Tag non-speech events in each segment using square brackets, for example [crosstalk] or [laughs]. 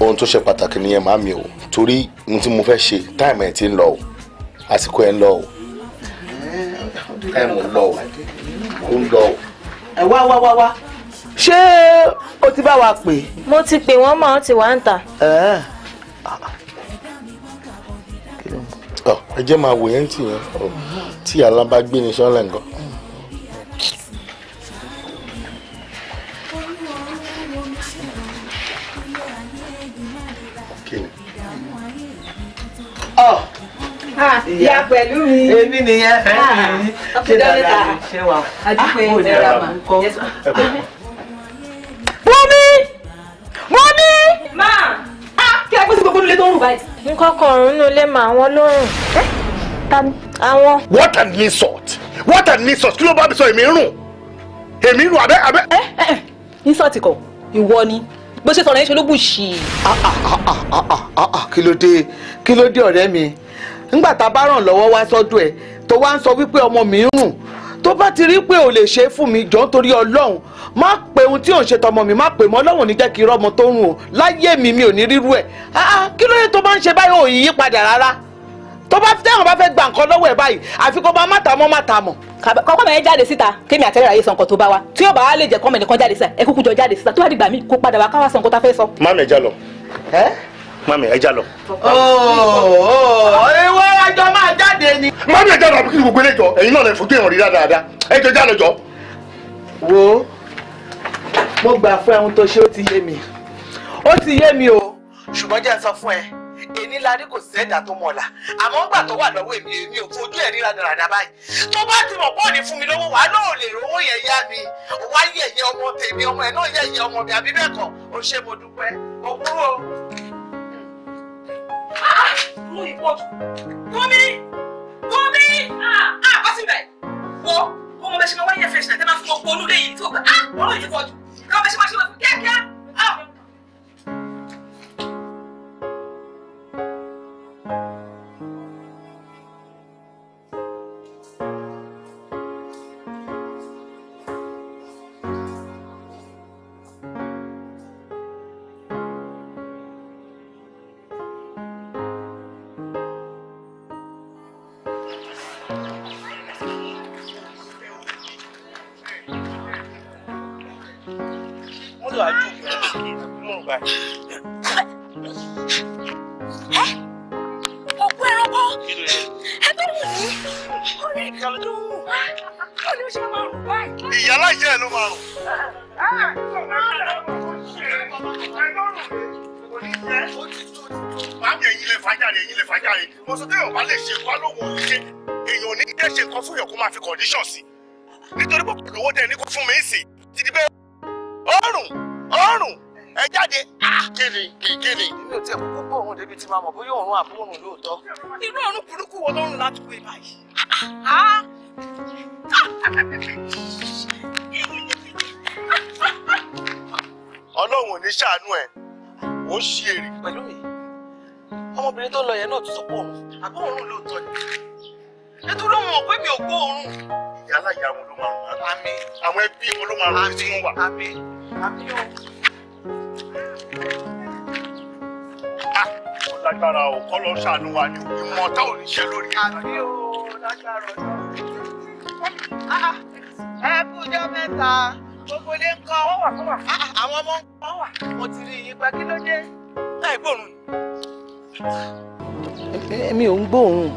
ohun tó ṣe pàtàkì nìyẹn màá mi o torí ohun tí mo fẹ́ ṣe táìmù ẹ̀ ti ń lọ o àsìkò ẹ̀ ń lọ o táìmù ń lọ o ó ń lọ o. ẹ wá wá wá wá ṣé o ti bá wa pè. mo ti pè wọ́n mọ̀ ọ́n ti wá ń tà. ẹ jẹ́ máa wò yẹn tì yẹn tí alábàágbé ni sọ́lẹ̀ nǹkan. ọ ìyá pẹ̀lú mi èmi nìyẹn ṣe dáadáa ṣe wà á kò ní ara mà kọ́. mọ́mí mọ́mí. má a ah, kí a pèsè gbogbo nílé tó ń rù báyìí. n kọ́kọ́ rún inú ilé mà àwọn lórùn. àwọn. what an insult what an insult kí ló bá mi sọ èmi rùn èmi rùn abẹ́ abẹ́. ẹ ẹ insult kọ ìwọ ni bó ṣe sọ̀rọ̀ yẹn ṣe ló bùṣì. Ah, ah, ah, kí ló dé kí ló dé ọ̀rẹ́ mi ńgbà tá a bá ràn lọ́wọ́ wá sọ́dọ̀ ẹ̀ tó wá ń sọ wípé ọmọ mi ń rùn tó bá ti rí pé ò lè ṣe é fún mi jọ nítorí ọlọ́run má pe ohun tí ò ń ṣe tọmọ mi má pe mọ́ ọlọ́run ní jẹ́ kí irọ́ ọmọ tó ń rùn o láyé mi mi ò ní rírú ẹ̀ kí ló dé tó bá ń ṣe báyìí ò yí padà rárá tó bá tẹ́wọ̀n bá fẹ́ gba nǹkan lọ́wọ́ ẹ̀ báyìí àfi kó máa mátà mọ́ mátà mọ́. kọ́kọ́ mẹ́rin jáde síta kémi àtẹ́rẹ́ àyè sọ nǹkan tó bá wa tí yóò bá wa lè jẹ́ kọ́mẹ̀nì kan jáde síta ẹ kúkú jọ jáde síta tó bá dìgbà mí kó padà wá káwá sọ nǹkan tá a fẹ́ sọ. mami ẹ já lọ mami ẹ já lọ. ìwọ ajọ máa jáde ni. mami ẹ já lọ àbíkí gbogbo eléjọ ẹ̀yin náà lè fojú ìrìn rí dáadáa ẹ jọ já lọ jọ. wo mo gbà fún ẹ ohun tó ṣe ó ti yé mi ó ti yé mi o ṣùgbọ́n jẹ́ èní la rí kò sẹ́dà tó mọ̀lá àmọ́ ńgbà tó wà lọ́wọ́ èmi èmi ò fojú ẹ̀ ríra dáradára báyìí tó bá ti mọ̀ pọ́ọ̀nì fún mi lọ́wọ́ wàá náà lè rówó yẹn yá mi wá yẹ̀yẹ́ ọmọ tèmi ọmọ ẹ̀ náà yẹ̀yẹ́ ọmọ mi àbí bẹ́ẹ̀ kọ́ o ṣe mo dúpẹ́ o kúrò. mú ìbò gómi gómi àbọ̀ síbẹ̀ wọ kó mo bẹ ṣe máa wáyé fẹsẹ̀ tẹ́ máa fún ọgbọ́n olúlé yìí tó ọ̀rọ̀ ah, yìí pọ̀ jù káwọn bẹ ṣe máa ṣe máa fún kíákíá ah, ìyá ló ah, ṣe máa rùn báyìí. Ah, ìyá láyé ló máa rùn. Ah, Báàmì ẹ̀yin lè fàjáre, ẹ̀yin lè fàjáre. Mo sọ pé ọ̀bá lè ṣe nǹkan lóhùn oníṣẹ́. Èèyàn ní kẹ́ ṣe nǹkan fún yàn kó máa fi condition sí. Nítorí pé kò lówó dẹ̀ ní kó fún mi sí. Ti di bẹ́ẹ̀. Ọ̀rùn! Ọ̀rùn! ẹ jáde ah! Ah! kíni kíni. èmi ò tiẹ̀ kúkú gbóòórùn débi tí máa mọ̀ bóyá òórùn àbúròrùn lóòótọ́. inú ọ̀run burúkú wo ló láti wé báyìí. Ah! ọlọ́run ò ní ṣàánú ẹ̀ ó ṣí èrè. pẹ̀lú mi ọmọbìnrin tó lọ yẹn náà tún sọ pé òun àbúròrùn lóòótọ́ ni nítorí wọn ò pé mi ò gbóòórùn. ìyá aláya wọn ló máa ń rún àwọn ẹbí wọn ló máa ń rún àmì àmì àmì o lágbára o kọ́ lọ ṣàánú wa ni ìmọ̀ tá ò ní ṣe lórí ẹ̀. àbí o lágbára ọjọ́. Ah, ah, ẹ kú ọjọ́ mẹ́ta gbogbo ilé ń kọ́ wọ́n wà wọ́n wà. Ah, àwọn ọmọ ń kọ́ wà mo ti rí yín pa kí ló dé. láì gbóòórùn. èmi ò ń gbóòórùn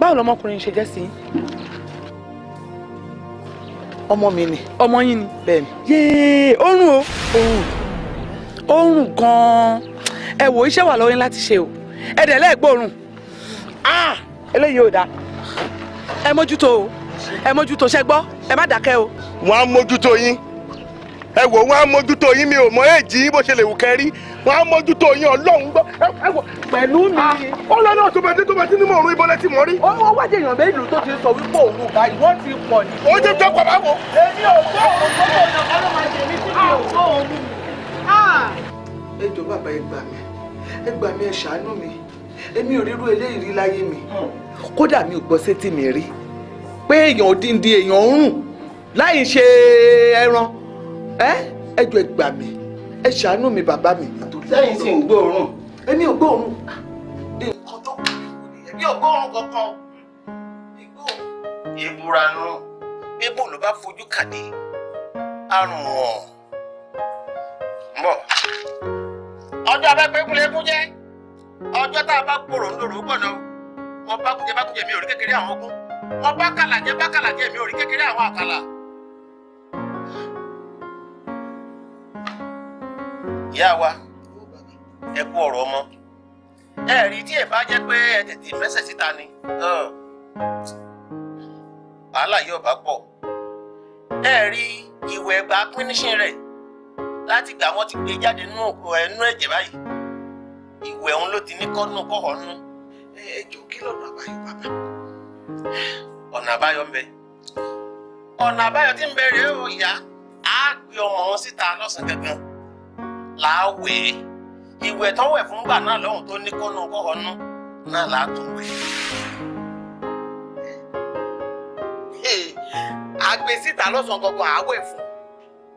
báwo lọmọkùnrin ṣe jẹ́ sí ọmọ mi ni ọmọ yín ni bẹ́ẹ̀ ni yéé oorun o oorun oorun gan-an ẹ wò iṣẹ́ wà lọ́wọ́ yín láti ṣe o ẹ dẹ̀ lẹ́ẹ̀gbọ́rùn ah eléyìí ò dáa ẹ mójútó o ẹ mójútó ṣẹ gbọ́ ẹ má dákẹ́ o. wọ́n á mójútó yín ẹ wò wọ́n á mójútó yín mi ò mọ èjì yín bó ṣe lè wù kẹ́rí wọ́n á mójútó yín ọlọ́run gbọ́ ẹ wò pẹ̀lú mi. Ah! ó lọ náà tó bá dé tó bá dé ní mò ń rí bọ́lẹ́ tí mo rí. ó wá jẹ èèyàn mélòó tó ti sọ wípé òun ìgbà ìwọ́n ti pọ̀ ní. ó ti tọ́ pàpà wò. èmi ò gbọ́ òun tó kọ̀ ọ̀nà kọ́ ló máa jẹ mí sí mi ò ah, gbọ́ òun mi ẹ ah! jọ̀ọ́ bàbá ẹ gbà mí ẹ gbà mí ẹ ṣàánú mi èmi ò rírú eléyìí rí láyé mi hmm. kódà mi ò gbọ́ sétí mi rí pé èèyàn òdìndín èèyàn ń rùn láì ṣe ẹran ẹ ẹ jọ̀ọ́ ẹ gbà mí ẹ ṣàánú mi bàbá mi. sẹ́yìn sì ń gbóòórùn. èmi ò gbóòórùn nǹkan tó kù èmi ò gbóòórùn kankan ìgbóòórùn. ìbúra nù bíbò ló bá fojú kàdé àrùn ọ̀hún. bọ̀. ọjọ́ abẹ́ pé kúlẹ̀ jẹ́ ọjọ́ tá a bá gbòòrò ń lòrò gbọ̀nà wọn bá kúnjẹ bá kúnjẹ mi ò rí kékeré àwọn ogún wọn bá kàlà jẹ bá kàlà jẹ mi ò rí kékeré àwọn àkàlà. ìyá wa ẹ kú ọ̀rọ̀ ọmọ ẹ rí tí ẹ bá jẹ́ pé ẹ tètè mẹ́sẹ̀ síta ni wàhálà yóò bá pọ̀ ẹ rí ìwẹ̀ ẹgbàá pínísìn rẹ̀. láti gbà wọ́n ti gbé jáde nínú ẹnu ẹ̀jẹ̀ báyìí ìwẹ̀ òun ló ti ní kọ́nù kọ́họ̀ nù. ẹ jọ kí lọ́nà àbáyọ bàbá. ọ̀nà àbáyọ ń bẹ ọ̀nà àbáyọ tí ń bẹ rèé o ìyá á gbé ọmọ wọn síta lọ́sàn-án gangan láwẹ̀ ìwẹ̀ tó wẹ̀ fúngbà náà lọ́hùn tó ní kọ́nù kọ́họ̀ nù náà látò wẹ̀. àgbẹ̀ síta lọ́sàn-án gangan àwẹ̀ fún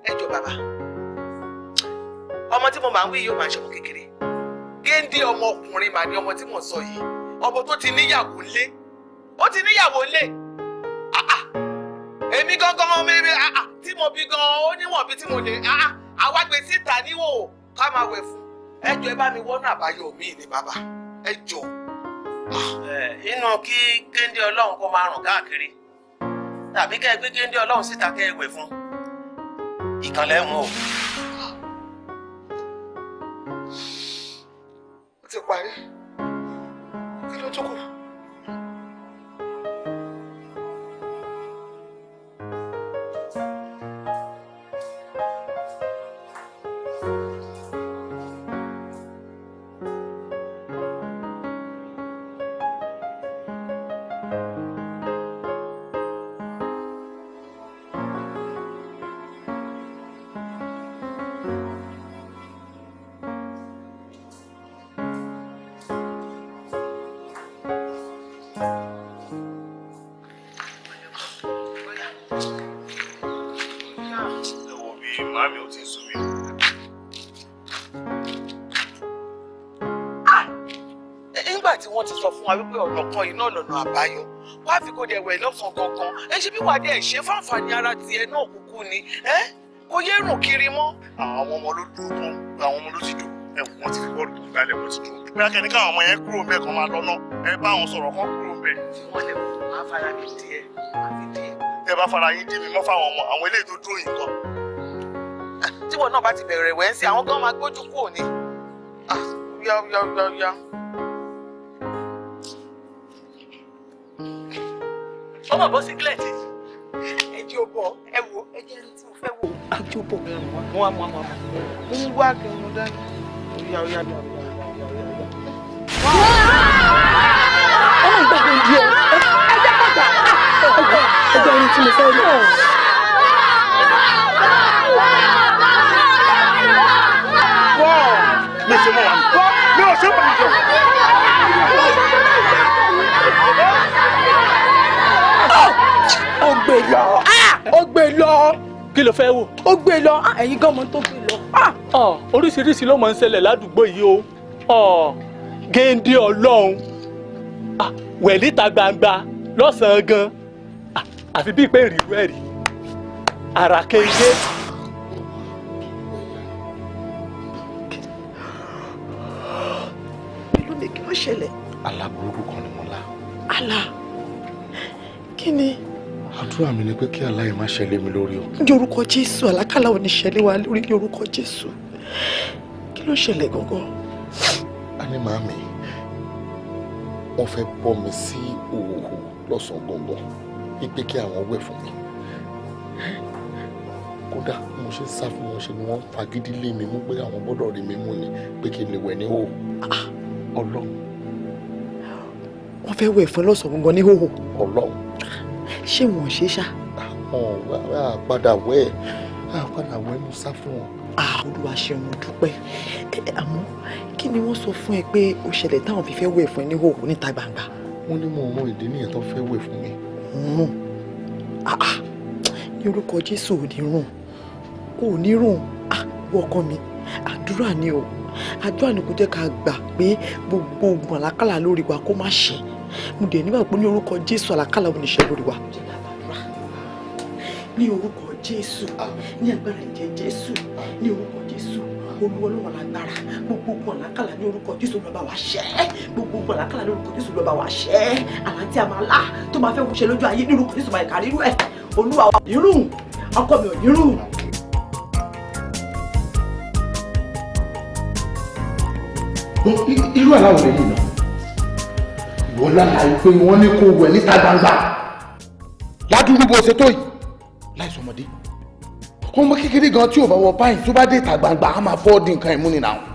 ẹjọ́ bàbá ọmọ tí mo máa ń wí yóò máa ṣe ọmọ kékeré géńdé ọmọkùnrin màá ní ọmọ tí mo sọ yìí ọmọ tó ti níyàwó lé ó ti níyàwó lé èmi gangan ọmọ eré tí mo bí gan ó níwọ̀n bí tí mo lè àwa gbé síta níwò ká máa wẹ̀ fún ẹjọ́ ẹ bá mi wọ́nà àbáyọ mi ni bàbá ẹjọ́. inú kí géńdé ọlọ́run kó máa rùn káàkiri tàbí kẹ́ ẹ gbé géńdé ọlọ́run síta kẹ́ ẹ wẹ̀ fún ìkànlẹ́ wọn o. ti parí kí ló tún kù. wa wípé ọ̀nà kan iná lọ́nà àbáyọ wá fi kò dẹ̀ wẹ̀ lọ́fọ̀n gangan ẹ ṣe bí wàá dẹ̀ ṣe fáǹfààní ara tiẹ̀ náà kúkú ni ẹ kò yé rùn kiri mọ́. àwọn ọmọ ló dùn ún àwọn ọmọ ló ti dùn ẹkùn wọn ti fi bọ́ọ̀lù tó gbálẹ̀ wọn ti dùn. bí akẹ́ni káwọn ọmọ yẹn kúrò bẹ́ẹ̀ kan máa lọ́nà ẹ bá àwọn sọ̀rọ̀ kan kúrò bẹ́ẹ̀. wọ́n lè máa fara mi díẹ̀ àfi díẹ̀. tẹ́ bá fara yín dí mi mọ́ fáwọn ọmọ àwọn eléyìí tó dúró yìí kan. tíwọ náà bá ti bẹ̀rẹ̀ wẹ́ńsì àwọn gan máa gbójú kúrò ní. Ah, yá ọmọ bọ́ sí gílẹ̀tì ẹ jẹ́ o bọ̀ ẹ wò ẹ jẹ́ rí tí mo fẹ́ wò á jẹ́ o bọ̀. mo wá mo wá mo wá mo ń wá kí n mú dání oríyá oríyá dùn àbí ọmọ ìgbàgbọ́ ìdí ẹ ẹ jẹ́ pàtàkì ẹ jẹ́ rí tí mo fẹ́ wò. ó gbé lọ ah! ó gbé lọ kí ló fẹ́ wò. ó gbé lọ ah, ẹ̀yin gan mọ tó gbé lọ. Ah! oríṣiríṣi ló máa ń ṣẹlẹ̀ ládùúgbò yìí o géńdé ọlọ́run wẹ̀líta gbangba lọ́sàn-án gan àfi bíi pé ìrìlú ẹ̀ rí ara kéńdé. ìlú ni kí wọ́n ṣẹlẹ̀. àlá burúkú kan ni mo lá. àlá kí ni àdúrà mi ni pé kí àlá yìí má ṣẹlẹ̀ mi lórí o. ní orúkọ jésù àlákàlà ò ní ṣẹlẹ̀ wa lórí ní orúkọ jésù kí ló ṣẹlẹ̀ gangan. a ní màámi wọ́n fẹ́ bọ́ mi sí òwò lọ́sàn-án gbọ̀ngàn wípé kí àwọn wẹ̀ fún mi kódà mo ṣe sá fún wọn ṣe ni wọ́n fagídí lé mi mú pé àwọn gbọ́dọ̀ rí mi mú ni pé kí n lè wẹ̀ ní hò ah! ọlọ́run. wọ́n fẹ́ wẹ̀ fún lọ́sàn-án gbọ̀ngàn ní hò ọlọ́run ṣé wọn ò ṣe ṣá. àwọn àpadà wẹ àpadà wẹ ló sá fún wọn. olúwa ṣeun dúpẹ́ àmọ́ kí ni wọ́n sọ fún ẹ pé ó ṣẹlẹ̀ táwọn fi fẹ́ wẹ̀ fún ẹ ní hòhò níta gbangba. wọ́n ní mo mọ ìdí nìyẹn tó fẹ́ wẹ̀ fún mi. ní orúkọ jésù ò ní rùn ò ní rùn ọkọ mi àdúrà ni o àdúrà ni kò jẹ́ ká gbà pé gbogbo ogun àlákàlà lórí wa kó má ṣe mo dẹ̀ nígbà pé ní orúkọ jésù àlàkàlà oníṣẹ́ lórí wa ní orúkọ jésù ní agbára ìjẹ jésù ní orúkọ jésù olúwa ló wà lágbára gbogbo ogun àlákàlà ní orúkọ jésù ló bá wa ṣẹ́ gbogbo ogun àlákàlà ní orúkọ jésù ló bá wa ṣẹ́ àlàntí àmàlà tó máa fẹ́ wúṣẹ lójú ayé ní orúkọ jésù máa kárí rú olúwa ò ní ọkọ mi ò ní irú àláwọ̀ lè yìí náà wọ́n lálàyé pé wọ́n ní kó wẹ̀ níta gbangba ládùúgbò bó ṣe tó yìí láìsọ ọmọdé ọmọ kékeré gan tí ò bá wọ báyìí tó bá dé ìta gbangba á máa fọ́ọ̀dì nǹkan ìmúnira wọn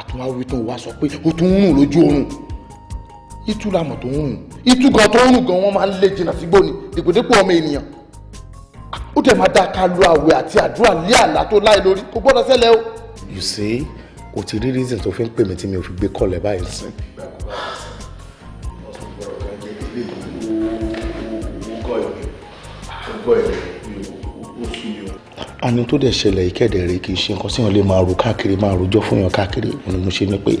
àtúwá wí tó wá sọ pé ó tún ń rùn lójú oorun itú làmọ̀ tó ń rùn itú gan tó ń rùn gan wọ́n máa ń lé jìnnà sígbó ni dèpòdépò ọmọ ènìyàn ó dẹ̀ máa dáa ká lo àwẹ̀ àti àdúrà lé àlá tó láì lórí kò gbọ́dọ̀ ṣẹlẹ̀ o. you see o ti rí reason tó fi ń pè mí tí mi ò fi gbé kọ́lẹ̀ báyìí sí gbọ́ ẹ̀ ó sú mi o. àní tó dẹ̀ ṣẹlẹ̀ ìkéde rẹ̀ kì í ṣe nǹkan síyàn lè máa ro káàkiri máa rojọ́ fún yàn káàkiri òun ni mo ṣe ní pé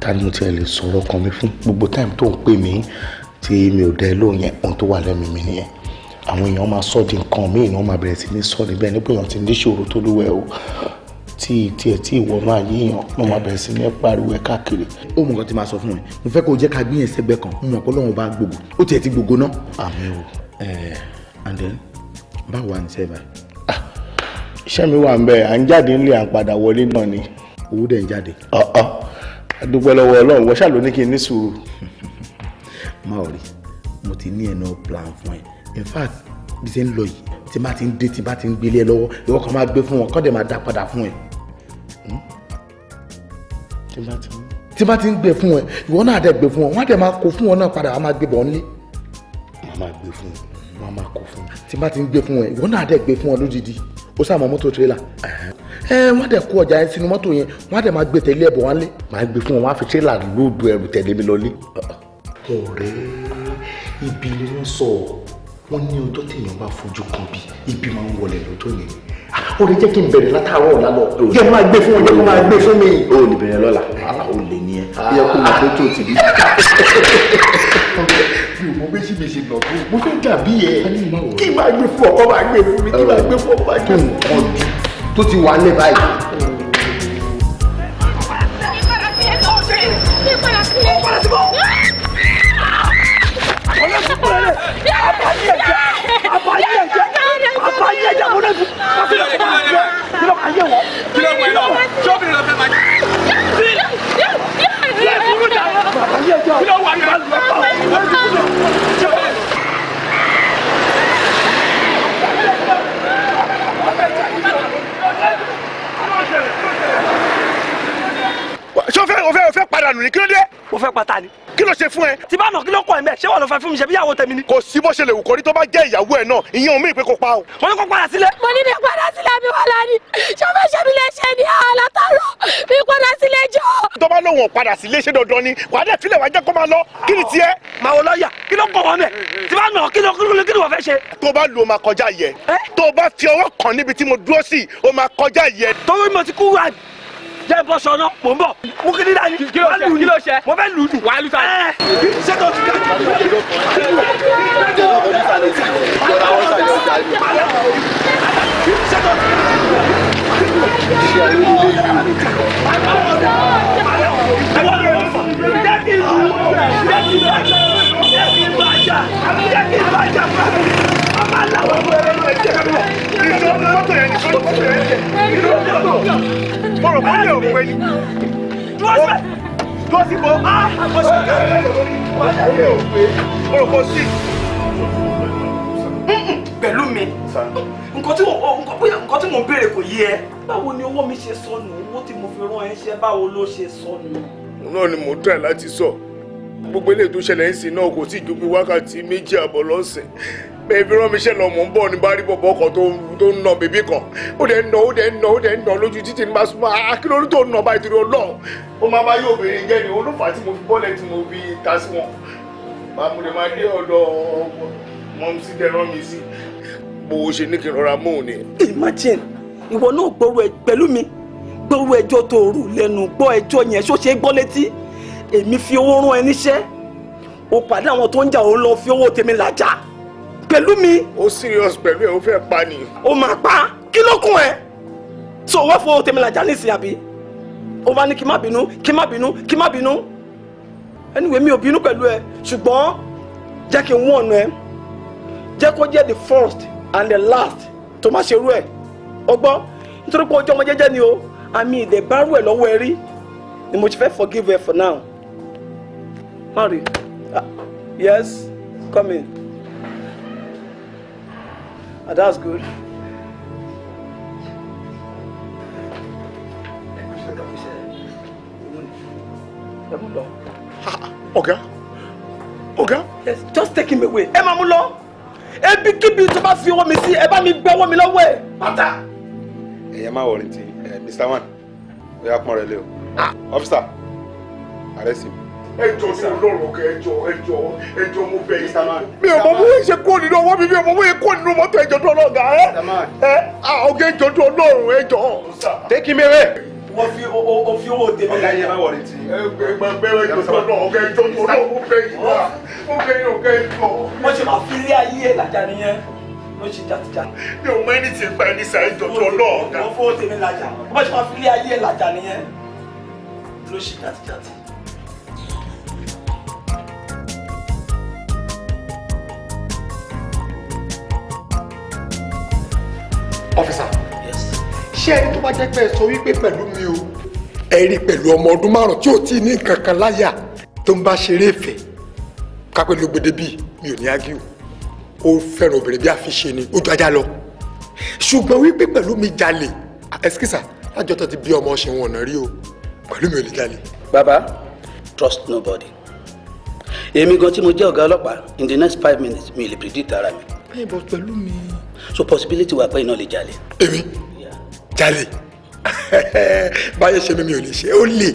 ta ni mo tiẹ̀ lè sọ̀rọ̀ kan mi fún gbogbo táìmù tó ń pè mí tí mi ò dẹ́ lóhùn yẹn ohun tó wà lẹ́mìí mi nìyẹn àwọn èèyàn máa sọ di nǹkan míì ni wọ́n máa bẹ̀rẹ̀ sí ní sọ níbẹ̀ nígbà èèyàn ti ní ìṣòro tó lúwẹ̀ o tí tí ẹ̀ tí ìwọ náà yíyan ló máa bẹ̀rẹ̀ sí ní pariwo ẹ̀ káàkiri. ó mọ̀ nǹkan tí màá sọ fún ẹ mo fẹ́ kó o jẹ́ ká gbìyànjú ẹgbẹ́ kan mo mọ̀ pé Ọlọ́run bá gbogbo ó tiẹ̀ ti gbogbo náà. àmín o ọ̀tún báwo wà ní sẹ́fà. Ah, iṣẹ́ mi wà ń bẹ̀ à ń jáde ńlẹ̀ à ń padà wọlé náà ni. owó dẹ̀ ń jáde. ọ̀ọ́ adúpẹ́ lọ́wọ́ ọlọ́run wọ́n ṣàlọ́ ní kí n ní sùúrù. [laughs] má ò rí mo ti ní ẹ̀nà plan fún ẹ in fact bí ṣe ń lọ yìí tí bá ti ń dé tí bá ti ń gbélé ẹ lọ́wọ́ ìwọ kan máa gbé fún wọn kọ́ dẹ̀ máa dá padà fún ẹ. Hmm? tí bá ti ń gbé fún ẹ ìwọ náà dẹ̀ gbé fún wọn wọ́n á dẹ̀ máa kó fún wọn náà padà wọ́n máa gbé bọ̀ ọ́nlé. màá máa gbé fún wọn wọn máa kó fún mi tí n bá ti ń gbé fún ẹ ìwọ náà dẹ̀ gbé fún ọ lódìdí ó sáà mọ mọ́tò tírélà ẹ wọ́n dẹ̀ kó ọjà yẹn sínú mọ́tò yẹn wọ́n dẹ̀ máa gbé tẹ̀lé ẹ̀bọ̀ wọn lé máa gbé fún wọn wọ́n á fi tírélà lóòdù ẹrù tẹ̀lé mi lọ lé. ọ̀rẹ́ ibi ni wọ́n sọ wọ́n ní ọjọ́ téèyàn bá fojú kan bí ibi máa ń wọlé lọ́jọ́ yẹn ah, ó lè jẹ́ kí n bẹ̀rẹ̀ látàárọ̀ ọ̀la lọ jẹ́ máa gbé fún ọjọ́ [laughs] tí o mọ méjì méjì lọ bí mo fẹ́ dàbí ẹ kí máa gbé fún ọkọ máa gbé fún mi kí máa gbé fún ọkọ máa gbé fún mi. tó nǹkan jù tó ti wà lẹ́ báyìí. Kí ló wà Let's go. ṣé o fẹ́ o fẹ́ o fẹ́ padà nù ni kí ló dé. mo fẹ́ pata ni. kí ló ṣe fún ẹ. tí bá nà kí ló kọ ẹ mẹ ṣé wà ló fẹ́ fún mi ṣe bí ìyàwó tèmi ni. kò sí bó ṣe lè wù kọrí tó bá jẹ́ ìyàwó ẹ náà ìyẹn omi ìpè kò pa o. mo ní kó padà sílẹ̀. mo ní ní padà sílẹ̀ mi wà lánìí ṣé o fẹ́ ṣe mi léṣe ni àlàtàrọ̀ mi padà sílẹ̀ jọ. tó bá lóun padà sílé ṣe dandan ni wà á dẹ̀ filẹ̀ wà á jẹ́ kó máa lọ kí ni tiẹ̀. màá wọ lọ́ọ̀yà kí o máa kọjá yẹ. tó bá jẹ́ bọ́ sọ̀nà mò ń bọ̀ mú kí nílá ni wà lù ní mo fẹ́ lù ní. wàá lù ta ẹ sẹ́tọ̀ ti ti dájú. Ọmọ aláwọ̀ ọmọ ẹ̀rọ ẹ̀jẹ̀ kan mo rò bóyá ò pé ni. dúró síbẹ̀. dúró síbò á mo ṣe kí ẹ bóyá ò pé mo rò kó sí. pẹ̀lú mi nǹkan tí nǹkan tí mo ń béèrè kò yé ẹ. báwo ni owó mi ṣe sọnù owó tí mo fi rán ẹ ṣe báwo ló ṣe sọnù. náà ni mò ń tẹ̀ láti sọ gbogbo eléyìí tó ṣẹlẹ̀ ń sìn náà kò sí ju bí wákàtí méjì àbọ̀ lọ́sẹ̀ bẹ́ẹ̀ fi rán ń bọ̀ ní bárí bọ̀bọ̀ ọkọ̀ tó ń nà bèbí kan ó dẹ̀ ń nà ó dẹ̀ ń nà ó dẹ̀ ń nà lójú títì ní máa súnmọ́ tó ń nà báyìí torí ọlọ́run ó máa bá yóò bèrè jẹ́ ni olùfà tí mo fi bọ́lẹ̀ tí mo fi ta sí wọn bàmú máa dé ọ̀dọ̀ mọ́ sí tẹ mi sí bó ṣe ní kí n rọra mú un ni. imagine ìwọ náà gbọ́rọ̀ ẹ pẹ̀lú mi gbọ́rọ̀ ẹjọ́ tó rù lẹ́nu gbọ́ ẹjọ́ yẹn ṣó ṣe é gbọ́ létí èmi fi owó rán ẹ níṣẹ́ o pàdé àwọn tó ń jà òun lọ fi owó tèmi làjà pẹ̀lú mi. ó serious pẹ̀lú ẹ̀ ó fẹ́ pa ni. ó máa pa kí ló kún ẹ. so wọ́n fọ tèmílàjà nísìnyí àbí ó wá ní kí má bínú kí má bínú kí má bínú anyway mi ò bínú pẹ̀lú ẹ ṣùgbọ́n jẹ́ kí n wọ́n ọ̀nà ẹ jẹ́ kó jẹ́ the first and the last tó má ṣerú ẹ̀ ọgbọ́n nítorí pé ojú ọmọ jẹ́jẹ́ ni o àmì ìdẹ̀bárú ẹ̀ lọ́wọ́ ẹ rí ni mo ti fẹ́ forgive her for now. Mary, ah, yes, come in. Oh, that's good. Ọ̀gá. Ọ̀gá. Yes, just take him away. Ẹ mulo. mú lọ. Ebi kíbi tó bá fi ọwọ́ mi sí, ẹ bá mi gbé ọwọ́ mi lọ́wọ́ ẹ̀. Pátá. Ẹ̀yẹ máa wọ̀rìn tí eh, Mr. Wan, ó yá pọ́n rẹ̀ lé o. Ọ́físà, arrest him ẹjọ ní Ọlọ́run kẹ ẹjọ ẹjọ ẹjọ mo bẹ̀ yín. mi ò mọ bó ṣe kó nínú ọwọ́ mi mi ò mọ bó ṣe kó nínú mọ́tò ẹjọ tó ọlọ́ọ̀gá ẹ ẹ ọgá ẹjọ tó Ọlọ́run ẹjọ. tẹ́kí mi wọ́n fi o fi owó tèmi. ọ̀gá yẹn máa wọlé tí. ẹgbẹ́ bẹ́ẹ̀ ẹjọ tó Ọlọ́run ọgá ẹjọ tó Ọlọ́run mo bẹ̀ wá mo bẹ̀ yín ẹjọ. wọ́n ṣe máa fi ilé ayé ẹ̀ làjà nìyẹn ló ṣe jàtìjà. mi ò mọ ẹni tí ń pa ẹni sàá ìjọjọ náà. mo fọwọ́ tèmi lajà bó ṣe máa fi ilé ayé ẹ̀ lajà nìyẹn ló ṣe jàtìjàtì. ọfíìsà ṣé ẹni tó bá jẹ́ pé ẹ sọ wípé pẹ̀lú mi o ẹ rí pẹ̀lú ọmọ ọdún márùn tí ò tí ì ní nǹkan kan láyà tó ń bá ṣeré ìfẹ́ kápẹ́ ló gbèdé bíi mi ò ní ágíù ó fẹ́ràn obìnrin bí àfiṣe ni ojú ajá lọ ṣùgbọ́n wípé pẹ̀lú mi jalè ẹ̀sìkìsà lájọ́ tó ti bí ọmọ ṣe wọn ọ̀nà rí o pẹ̀lú mi ò lè jalè. baba trust nobody èmi gan tí mo jẹ́ ọ̀gá ọlọ́pàá in the next five minutes mi ò lè predict ara mi. bẹ́ẹ̀ bọ̀ pẹ̀lú mi so possibility wà pé iná lè jalè. èmi jalè báyọ̀ ṣe mi mi ò lè ṣe ó lè.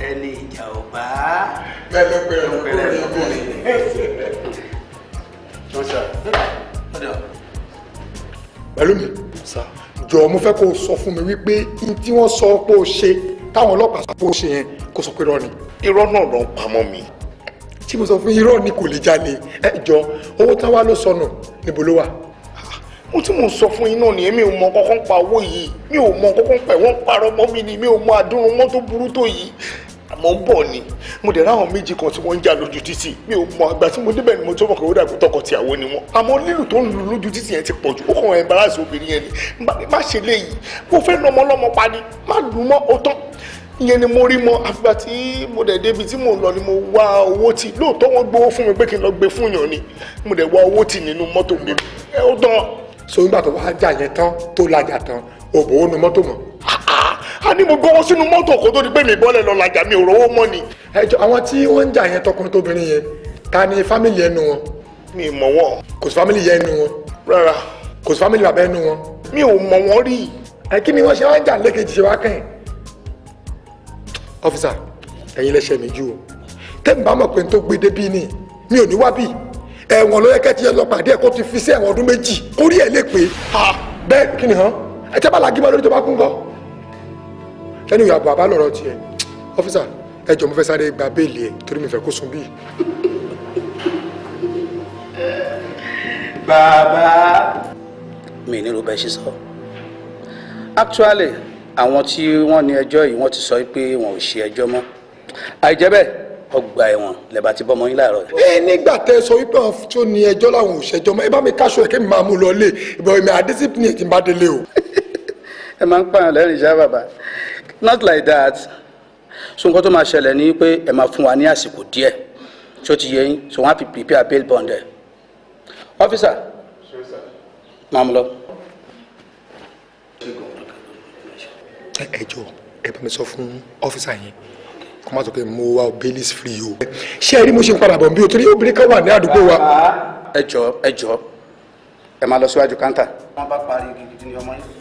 ẹni ìjà ò bá. bẹ́ẹ̀ ló pẹ̀lú pẹ̀lú pẹ̀lú pẹ̀lú. pẹ̀lú mi jọ̀ọ́ mo fẹ́ kó o sọ fún mi wípé n tí wọ́n sọ pé o ṣe táwọn ọlọ́pàá sọ pé o ṣe yẹn kó sọ pé irọ́ ni. irọ́ náà ló ń pamọ́ mi tí mo sọ fún irọ́ ni kò lè jalè ẹ jọ owó táwa ló sọnù níbo ló wà mo tí mo sọ fún yín náà nìyẹn mi ò mọ kankan pa owó yìí mi ò mọ kankan pa ẹ̀wọ̀n parọ́ mọ́ mi ni mi ò mọ àdúrún mọ́ tó burú tó yìí àmọ́ ń bọ̀ ni mo dẹ̀ ráwọn méjì kan tí wọ́n ń jà lójú títì mi ò mọ àgbà tí mo débẹ̀ ni mo tó mọ̀ pé ó dàgbé tọkọtìyàwó ni wọ́n àmọ́ lílù tó ń lu lójú títì yẹn ti pọ̀ jù ó kàn ẹ̀ embarrass obìnrin yẹn ni má ṣe léyìí mo fẹ́ nà ọmọ pa ni má lù mọ́ ó ìyẹn ni mo rí mọ àfìgbà tí mo dẹ̀ débi tí mo lọ ni mo wá owó tì lóòótọ́ wọ́n gbowó fún mi pé kí n lọ gbé fún yàn ni mo dẹ̀ wá owó tì nínú mọ́tò mi ó tán so nígbà tó wá jà yẹn tán tó lajà tán òbò ó nu mọ́tò mọ́ a ní mo gbọ́wọ́ sínú mọ́tò kó tó di pé mi bọ́lẹ̀ lọ lajà mi ò rówó mọ́ ni. ẹ jọ àwọn tí wọ́n ń jà yẹn tọkùnrin tóbìnrin yẹn ta ni fámìlì ẹnu wọn. mi ì mọ̀ wọ́n. kò sí fámìlì yẹn ẹnu wọn. rárá. kò sí fámìlì bàbá ẹnu wọn. mi ò mọ̀ wọ́n rí. ẹ kí ni wọ́n ṣe wá ń jà lẹ́kẹ̀jì ṣe wá kàn yín. ọ́fíìsà ẹ̀yin mi jù o tẹ́mi mọ̀ pé n tó gbé débí ni mi ò ní wá bíi ẹ̀wọ̀n ló yẹ kẹ́ ti yẹ lọ pàdé ẹ̀ kó ti fi sí ẹ̀wọ̀n ọdún méjì kórí ẹ̀ lè pé bẹ́ẹ̀ kí ni hàn ẹ tẹ́ bá làgí mọ́ lórí tó bá kún kọ́ ẹni ìyá àbọ̀ àbá tiẹ̀ ọ́fíìsà ẹ jọ̀ọ́ mo fẹ́ sáré gba béèlì ẹ̀ torí mi fẹ́ kó sun bíi. bàbá. mi nílò bẹ́ẹ̀ ṣe sọ actually àwọn tí wọ́n ní ẹjọ́ yìí wọ́n ti sọ pé wọn ò ṣe ẹjọ́ mọ́ àìjẹ́ bẹ́ẹ̀ ọgbà ẹ̀wọ̀n lẹba ti bọmọ yín láàárọ̀. ẹ nígbà tẹ sọ wípé àwọn tí ní ẹjọ́ làwọn ò ṣẹjọ́ ẹ bá mi káṣọ ẹ kémi máa mú lọ lé ìbọn mi àdísìpìnì ẹ̀jìn bá délé o. [laughs] ẹ máa ń pààyàn lẹ́rìn iṣẹ́ bàbá not like that so nǹkan tó máa ṣẹlẹ̀ ni pé ẹ máa fún wa ní àsìkò díẹ̀ tí ó ti yẹ yín so wọ́n á fi prepare bail bond ọ́fíìsà máa mú lọ. ẹjọ́ ẹ bá mi sọ fún ọ́fíìsà yẹn kó má sọ pé mo wá bail is free o. ṣé ẹ rí mo ṣe ń padà bọ̀ bí o torí obìnrin kan wà ní àdúgbò wa. ẹ jọ ẹ jọ ẹ máa lọ síwájú káńtà. wọ́n bá parí gidi ní ọmọ yìí um,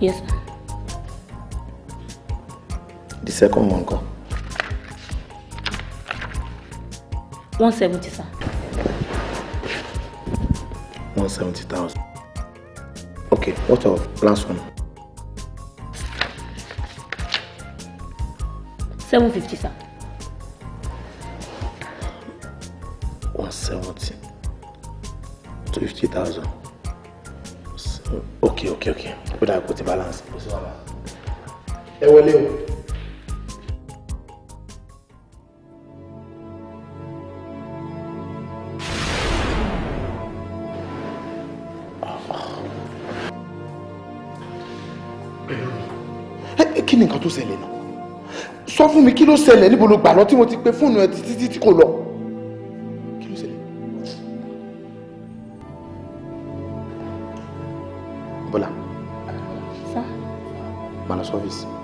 Yes, sir. The second one, come. one seventy san. one seventy thousand. okay what of last one. seven fifty san. one seventy two fifty thousand. okay okay okay kódà put the balance. ẹ wọlé kí ni nǹkan tó ṣẹlẹ̀ náà sọ fún mi kí ló ṣẹlẹ̀ níbo ló gbà lọ tí mo ti pe fóònù ẹ títí tí kò lọ. Bọ́lá. sá. máa lọ sọ́fíìsì.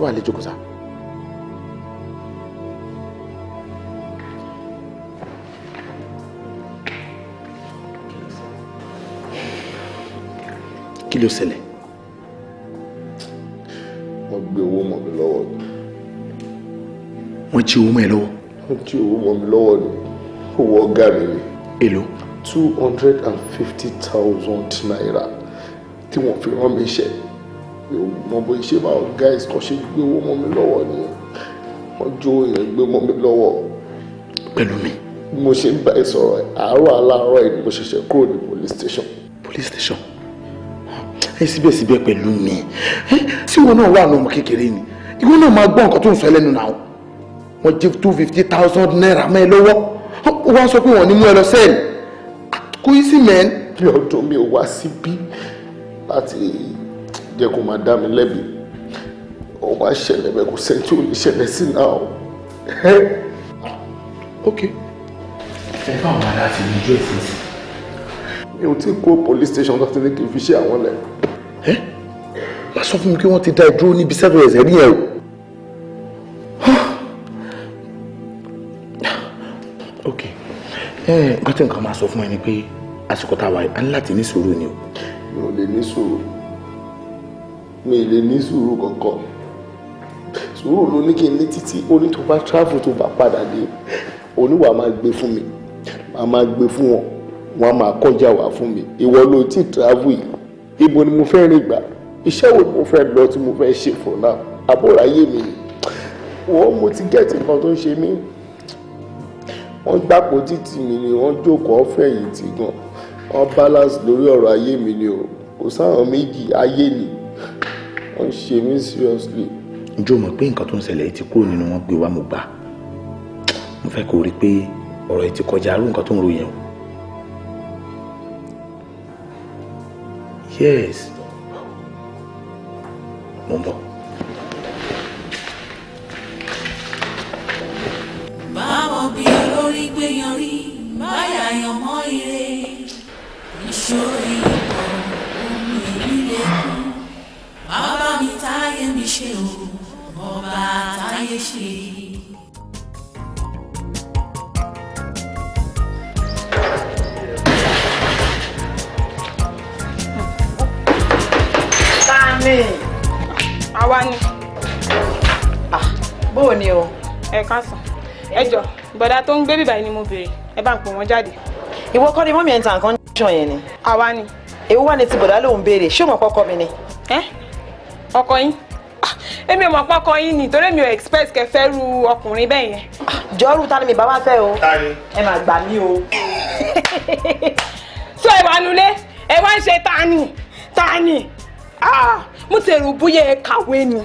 sí wàá lè jókòó sá. kí ló ṣẹlẹ̀. wọ́n gbé owó mọ́ mi lọ́wọ́. wọ́n jí owó mọ́ ẹ lọ́wọ́. wọ́n jí owó mọ́ mi lọ́wọ́ ni owó ọ̀gá mi ni. èló. two hundred and fifty thousand naira tí wọ́n fi rán mi ṣe pé ó mọ bó ṣe máa ń ga ẹ̀sìkan ṣe gbé owó mọ́ mi lọ́wọ́ ni wọ́n jó èèyàn gbé mọ́ mi lọ́wọ́. pẹ̀lú mi. bí mo ṣe ń bá ẹ sọ̀rọ̀ àárọ̀ aláàárọ̀ ẹ̀ ni mo ṣẹ̀ṣẹ̀ kúrò ní police station. police station ẹ síbẹ̀síbẹ̀ pẹ̀lú mi tí ìwọ náà wà lọ́mọ kékeré ni ìwọ náà máa gbọ́ nǹkan tó ń sọ ẹlẹ́nu náà wọ́n jẹ́ two fifty thousand naira mọ́ ẹ lọ́wọ́ wọ́n sọ pé wọ́n ní mú ẹ lọ sẹ́ẹ̀lì kò í sí mẹ́ẹ̀ẹ́. mi ò wá síbí láti jẹ́ kó máa dá mi lẹ́bi ó wá ṣẹlẹ̀ bẹ́ẹ̀ kò sẹ́ni ò ní ṣẹlẹ̀ sí náà o. ok. ẹ bá àwọn ará ti yanjú ẹ̀ sísè. mi ò tí ì kó police station láti ní kí n fi ṣe àwọn lẹ. ẹ má sọ fún mi kí wọ́n ti dá ẹ dúró níbi seven ẹ̀sẹ̀ ní ẹ̀rù. ok ẹ ẹ nǹkan máa sọ fún ẹ ni pé àsìkò tá a wà á ní láti ní sùúrù ni o. mi ò lè ní sùúrù mi lè ní sùúrù kankan sùúrù ló ní kí n ní títí oní tó bá travel tó bá padà dé oníwà máa gbé fún mi màá máa gbé fún wọn wọn máa kọjá wá fún mi ìwọ ló ti travel yìí ibo ni mo fẹ́ rìn gbà iṣẹ́ wo ni mo fẹ́ lọ tí mo fẹ́ ṣe for now àbúrò ayé mi ni wọ́n mo ti gẹ̀ẹ́tì nǹkan tó ń ṣe mí wọ́n gbàpò títì mi ni wọ́n jókòó ọ̀fẹ́ yìí ti gan wọ́n balance lórí ọ̀rọ̀ ayé mi ni o kò sáwọn méjì ayé ni wọ́n ń ṣe mí seriously. ǹjọ́ mọ̀ pé nǹkan tó ń ṣẹlẹ̀ yìí ti kúrò nínú wọn gbé wa mo gbà mo fẹ́ kó rí i pé ọ̀rọ̀ yìí ti kọjá arú nǹkan tó ń ro yẹn o. yes mo ń báwọn bí olórí gbé yan rí báyà yan mọ́ ire ìṣòro yìí. ṣe o ọba táyé ṣe. tani àwa ni. Ah, bó o ni o. ẹ káàsán ẹ jọ bọ̀dá tó ń gbé bíbá yìí ni mo béèrè ẹ bá ń pè wọ́n jáde. ìwọ kọ́ ni mọ́mí ẹ̀ ń ta nǹkan ṣan yẹn ni. àwa ni. èwo wà ní ti bọ̀dá lòún béèrè ṣé òun ọkọ kọ mi ni. ẹ ọkọ yín èmi ò mọ̀ pọ́kọ yín ni torí mi ò expect kẹ fẹ́ ru ọkùnrin bẹ́ẹ̀ yẹn. Ah, jọ́rù ta ni mi bàbá fẹ́ o ẹ máa gbà mí o. [laughs] so ẹ wà nulẹ̀ ẹ wá ń ṣe tani tani ah, mo ti rò bóyá ẹ kàwé ni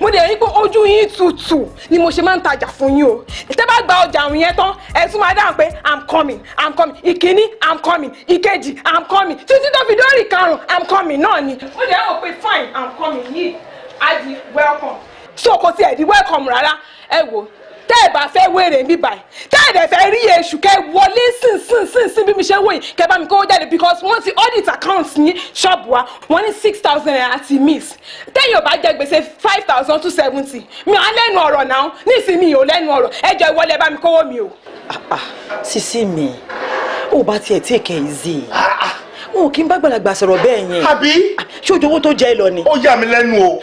mo dẹ̀ rí pé ojú yín tutù ni mo ṣe máa ń tajà fún yín o tẹ́ bá gba ọjà àwọn yẹn tán ẹ tún máa dáhùn pé i'm coming i'm coming ìkíní i'm coming ìkejì i'm coming títí tó fi dórí karùn i'm coming náà ni. ó dẹ̀ rò pé fine i'm coming yìí Adi, welcome. so kò tiẹ̀ di welcome rárá ẹ wò tẹ́ ẹ bá fẹ́ wéèrè mi báyìí tẹ́ ẹ dẹ̀ fẹ́ rí èṣù kẹ́ wọlé sìn sìn sìn sìn bí mi ṣe ń wò kẹ́ bá mi kó jáde because wọ́n ti audit account yín ṣọ́ọ̀bù wa wọ́n ní six thousand naira ti miss tẹ́yìn ò bá jẹ gbèsè five thousand two seventy mi ò lẹ́nu ọ̀rọ̀ náà nísìnyí mi ò lẹ́nu ọ̀rọ̀ ẹ jọ ìwọlé ẹ bá mi kówó mi o. Ah, ah, sisi mi ò bá tiẹ̀ tí èkẹ́ yìí zi wọn ò kí n bá gbàlagbà sọ̀rọ̀ bẹ́ẹ̀ yẹn ah, ṣé ojú owó tó jẹ́ ìlọ ni. ó yà mí lẹ́nu o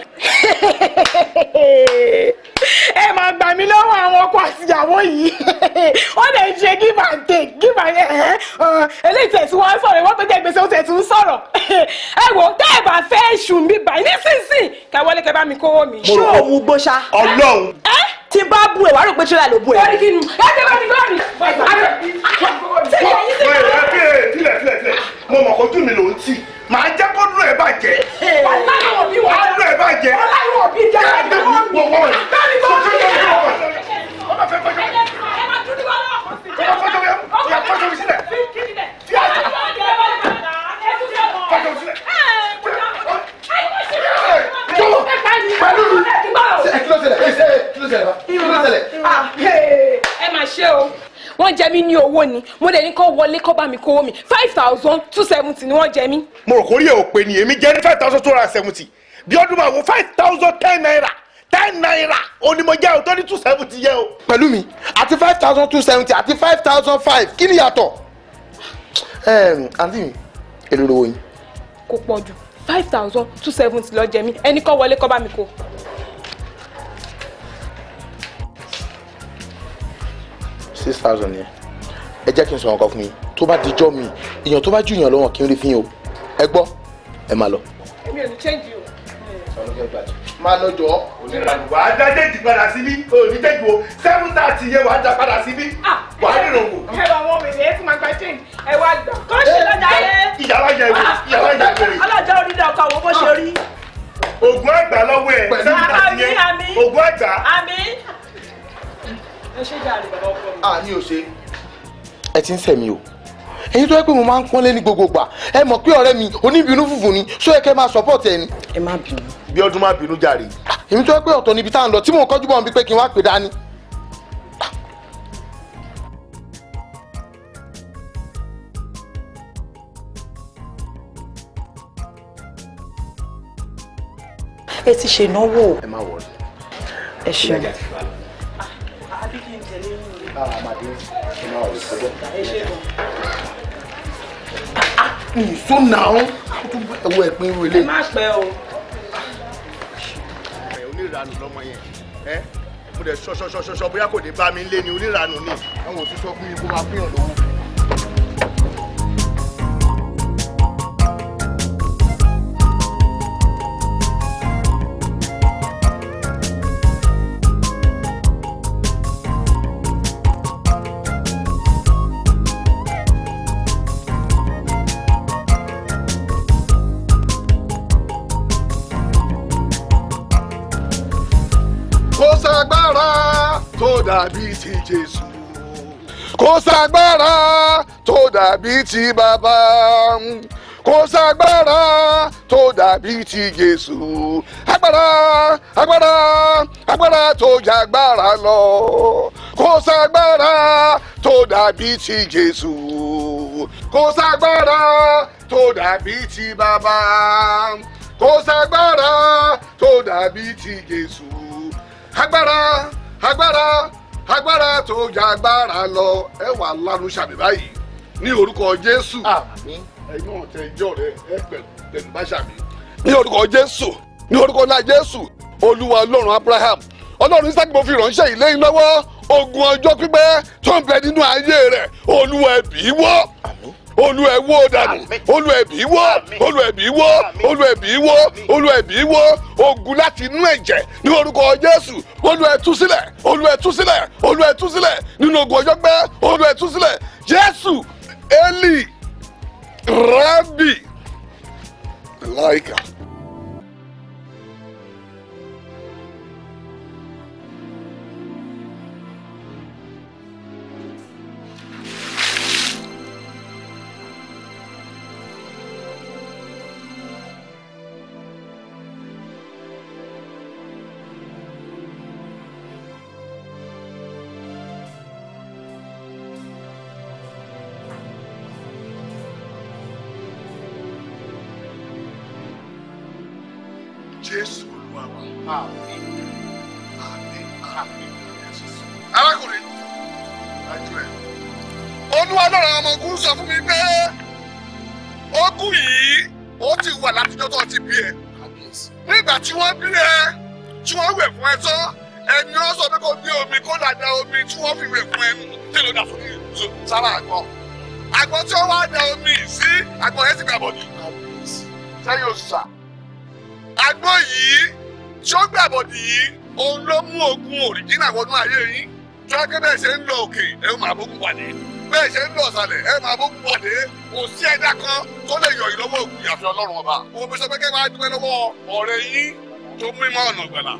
ẹ máa gbà mí lọ́wọ́ àwọn ọkọ àtìyàwó yìí wọ́n lè ṣe give and take give and ẹ̀ eléyìí tẹ̀sí wọn sọ̀rọ̀ ìwọ́n tó jẹ́ gbèsè ó tẹ̀sí ń sọ̀rọ̀ ẹ wò tẹ́ ẹ bá fẹ́ ṣù mí báyìí nísinsìnyí kẹ wọlé kẹ bá mi kówó mi. ṣé òun gbóṣà. Ọlọ́run. tí bá bu ẹ wàá rò pé tíra ló bu ẹ. ẹ ti bá mi gbọ́ mi. tilẹ̀ tilẹ̀ tilẹ̀ mo mọ̀ kó tún mi lòún tì màá jẹ́ kó dúró ẹ̀ bàjẹ́. ọláyọ̀ bí wọ́n jẹ́ dúró ẹ̀ bàjẹ́. ọláyọ̀ bí jẹ́ ẹ̀jẹ̀ wọ́n mi. wọ́n wọ́n bẹ́ẹ̀ni wọ́n mi. wọ́n bá fẹ́ fọ́jọ́. ẹ má tún ní wọn lọ. wọ́n bá fọ́jọ́ yẹn yà fọ́jọ́ mi sílẹ̀. fi àjà. fọ́jọ́ mi sílẹ̀. jọ̀wọ́ pẹ̀lú mi. ẹ kí ló ṣẹlẹ̀ ẹ kí ló ṣẹlẹ̀ ẹ kí ló ṣẹlẹ̀ ẹ má ṣe o wọ́n jẹ mí ní owó ni mo dẹ̀ ní kọ́ wọlé kọ́ bá mi kówó mi five thousand two seventy ni wọ́n jẹ mí. mo rò kórìí ò pé ni èmi jẹ́ ní five thousand two hundred seventy bí ọdún máa wo five thousand ten naira ten naira onímọ̀jẹ́ o tó ní two seventy yẹ o. pẹ̀lú mi àti five thousand two seventy àti five thousand five kí ni yàtọ̀. àǹtí mi èlò lówó yín. kò pọ̀ jù five thousand two seventy ló jẹ mí ẹnì kan wọlé kọ́ bá mi kó. six thousand yẹn ẹ jẹ́ kí n sọ̀rọ̀ kan fún mi tó bá dijọ́ mi èèyàn tó bá jù yàn lọ́wọ́ kí n rí fi hàn o ẹ gbọ́ ẹ máa lọ. èmi ò ní chẹ́ǹjì o. máa lọ jọ. wà á dá déètì padà síbí o ò ní déètì o seven thirty yẹn wà á dá padà síbí ah, wà á rìnrìn òwò. ẹ wà wọ́n mi lè fún ma gba change ẹ wà gbà kọ́ ṣe lọ́jà yẹn. Eh, ìyàwó yẹn wò ah, ìyàwó yẹn wò rè. ọlọ́jà orí dà ọkọ̀ wo bó ṣe rí. ògùn àgbà lọ́wọ́ ẹ̀ ah, seven thirty yẹn ògùn àgbà. àmín àmín ẹ ṣe jàre bàbá ọkọ mi. àmì ò ṣe ẹ ti ń sẹ̀mí o èyí tó yẹ pé mo máa ń pọ́nlé ní gbogbo gbà ẹ mọ̀ pé ọ̀rẹ́ mi oníbìnú fùfù ni ṣó yẹ kẹ́ máa support ẹ ni. ẹ má bínú. bí ọdún má bínú jàre. èmi tó yẹ pé ọ̀tọ̀ níbi tá à ń lọ tí mò ń kọ́jú bọ̀ ń bí pé kí n wá pè dání. ẹ ti ṣènáwó. ẹ má wọlé. ẹ ṣeun. So now, ṣe máa wọ̀ sọ́dọ̀. ǹsọ́ náà ó tún ẹwọ ẹ̀pin irú ilé. ẹ má pẹ́ o. oníranù lọmọ yẹn ẹ mo dẹ̀ ṣọṣọṣọṣọ bóyá mi lé ni oníranù ni àwọn òṣìṣọ́ fún mi kó máa fihàn lọ́wọ́. dàbí ti Jésù kò sàgbára tó dàbí ti bàbá kò sàgbára tó dàbí ti Jésù agbára agbára agbára tó jàgbára lọ kò sàgbára tó dàbí ti Jésù kò sàgbára tó dàbí ti bàbá kò sàgbára tó dàbí ti Jésù agbára agbára agbára tó ja agbára lọ ẹ wà lanu sàmì báyìí ní orúkọ jésù ẹ̀yin ọ̀tẹ̀ ìjọ rẹ ẹ pẹ̀lú bá sàmì. ní orúkọ jésù ní orúkọ náà jésù olúwa ọlọ́run abraham ọlọ́run isaac mo fi ránṣẹ́ ìléyìn lọ́wọ́ ogun ọjọ́ pípẹ́ tó ń bẹ nínú ayé rẹ̀ olúwa ẹ̀bí wọ́ olúẹ̀bí wó dànù olúẹ̀bí wó olúẹ̀bí wó olúẹ̀bí wó olúẹ̀bí wó ogun láti inú ẹ̀jẹ̀ ní orúkọ jésù olúẹ̀túsílẹ̀ olúẹ̀túsílẹ̀ olúẹ̀túsílẹ̀ nínú ogun ọjọ́ pẹ́ olúẹ̀túsílẹ̀ jésù eli rabi laika. Like yìí òun ló mú ogun òrìjínà wọnú ayé yín tíwájú bẹ́ẹ̀ ṣe ń lọ òkè ẹ máa bógun pàdé bẹ́ẹ̀ ṣe ń lọ ọ̀sàlẹ̀ ẹ máa bógun pàdé kò sí ẹ̀dá kan tó lè yọ ìlọ́wọ́ òkú ìyàfẹ́ ọlọ́run ọba òun sọ pé kẹ́kẹ́ máa dúpẹ́ lọ́wọ́ ọ̀rẹ́ yín tó mímọ́ ọ̀nà ìgbàlà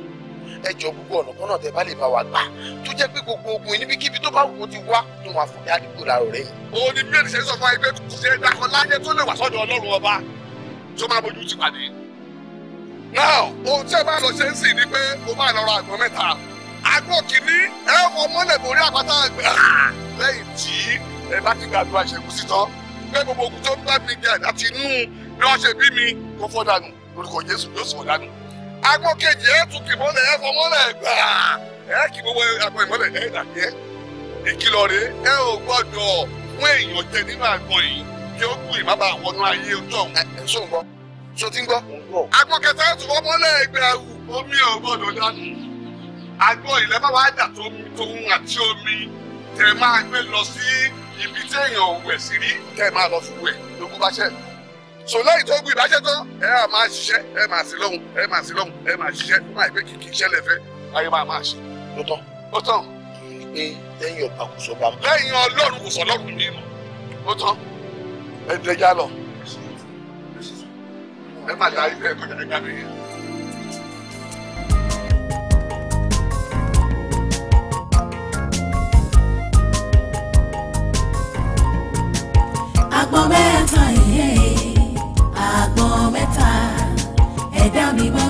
ẹ jọ gbogbo ọ̀nà kan náà tẹ bá lè bá wa gbà tó jẹ́ pé gbogbo ogun níbikíbi tó bá wù ú ti wá tó wà fún yàdúgbò láàrọ̀ now ohun tí ẹ bá lọ ṣe ń sìn ni pé o máa lọ ra àgbọn mẹ́ta àgbọn kìíní ẹ ọmọ lè borí àpáta lẹ́yìn tí ẹ bá ti gbàdúrà ìṣẹ́kù sí tán pé gbogbo ogun tó ń bá mi jẹ àti inú bí wọ́n ṣe bí mi kó fọ́ dànù lórúkọ Jésù yóò sì dànù. àgbọn kejì ẹ tún kì mọ́lẹ̀ ẹ fọmọ́lẹ̀ gbà ẹ kì gbogbo àgbọn ìmọ́lẹ̀ ẹ dàjẹ́ ìkìlọ̀ rẹ̀ ẹ ò gbọ́dọ̀ fún èèyàn jẹ nínú àgbọn yìí kí ó kú ìmábà wọnú ayé ojú ọ̀hún ẹ̀ ṣó ń gbọ́ ṣó ti ń gbọ́ bọ̀. agbo kẹta ẹ̀ tún wọ́n mọ́lẹ̀ ẹgbẹ́ ẹrù omi ò gbọ́dọ̀ dání. agbo ilẹ̀ bá wàá dà tó tóun àti omi tẹ̀ máa gbé lọ sí ibi téèyàn wẹ̀ sí rí tẹ̀ máa lọ fi wẹ̀ lókun bá ṣẹ̀. sò lẹ́yìn tó gbìn ìbáṣẹ́ tán ẹ á máa ṣiṣẹ́ ẹ máa sí lọ́hùn ẹ máa sí lọ́hùn ẹ máa ṣiṣẹ́ fún àìpé kìkì iṣẹ́ lẹ́fẹ́ ayé máa máa ṣe. ó tán ó tán. lẹ́yìn ọba kò sọ bá mi. lẹ́yìn ọlọ́run kò sọ ọlọ́run mi ó tán ẹ ẹ má darí bẹ́ẹ̀ kọjá ẹgbẹ́ mẹ́ta ẹ̀ẹ́ àgbọ̀n mẹ́ta eh, eh, ẹ̀dá mi bá.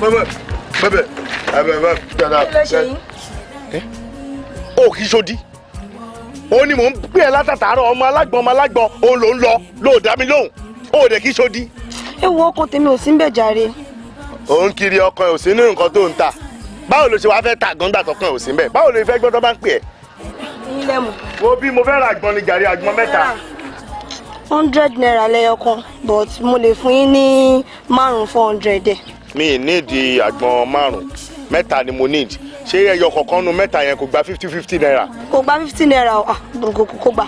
bẹ́ẹ̀ bẹ́ẹ̀ bẹ́ẹ̀ bẹ́ẹ̀ dada bẹ́ẹ̀ ó kì í sódì ó ní mò ń gbé ẹ látàtàárọ̀ ọmọ alágbọ̀n ọmọ alágbọ̀n òun ló ń lọ lóò mi lóhùn ó dẹ̀ kì í sódì. ẹ wo ọkọ tèmi ò sí ń bẹ̀ jàre. ò ń kiri ọkọ ẹ ò sí nínú nǹkan tó ń ta báwo ló ṣe wáá fẹ́ ta gọ́ńdà tọkàn ò sí ń bẹ̀ báwo ló fẹ́ gbọ́dọ̀ bá ń pè ẹ́. wo bí mo fẹ́ ra àgbọn ni jàre àgbọn mẹ́ta hundred naira lẹ́yọ̀kan but mo lè fún yín ní márùn-ún four hundred ẹ̀ mi need àgbọn márùn mẹ́ta ni mo need ṣé ẹyọ kọ̀ọ̀kan nu mẹ́ta yẹn kò gba fifty fifty naira. kò gba fifty naira o ah, kò gbà.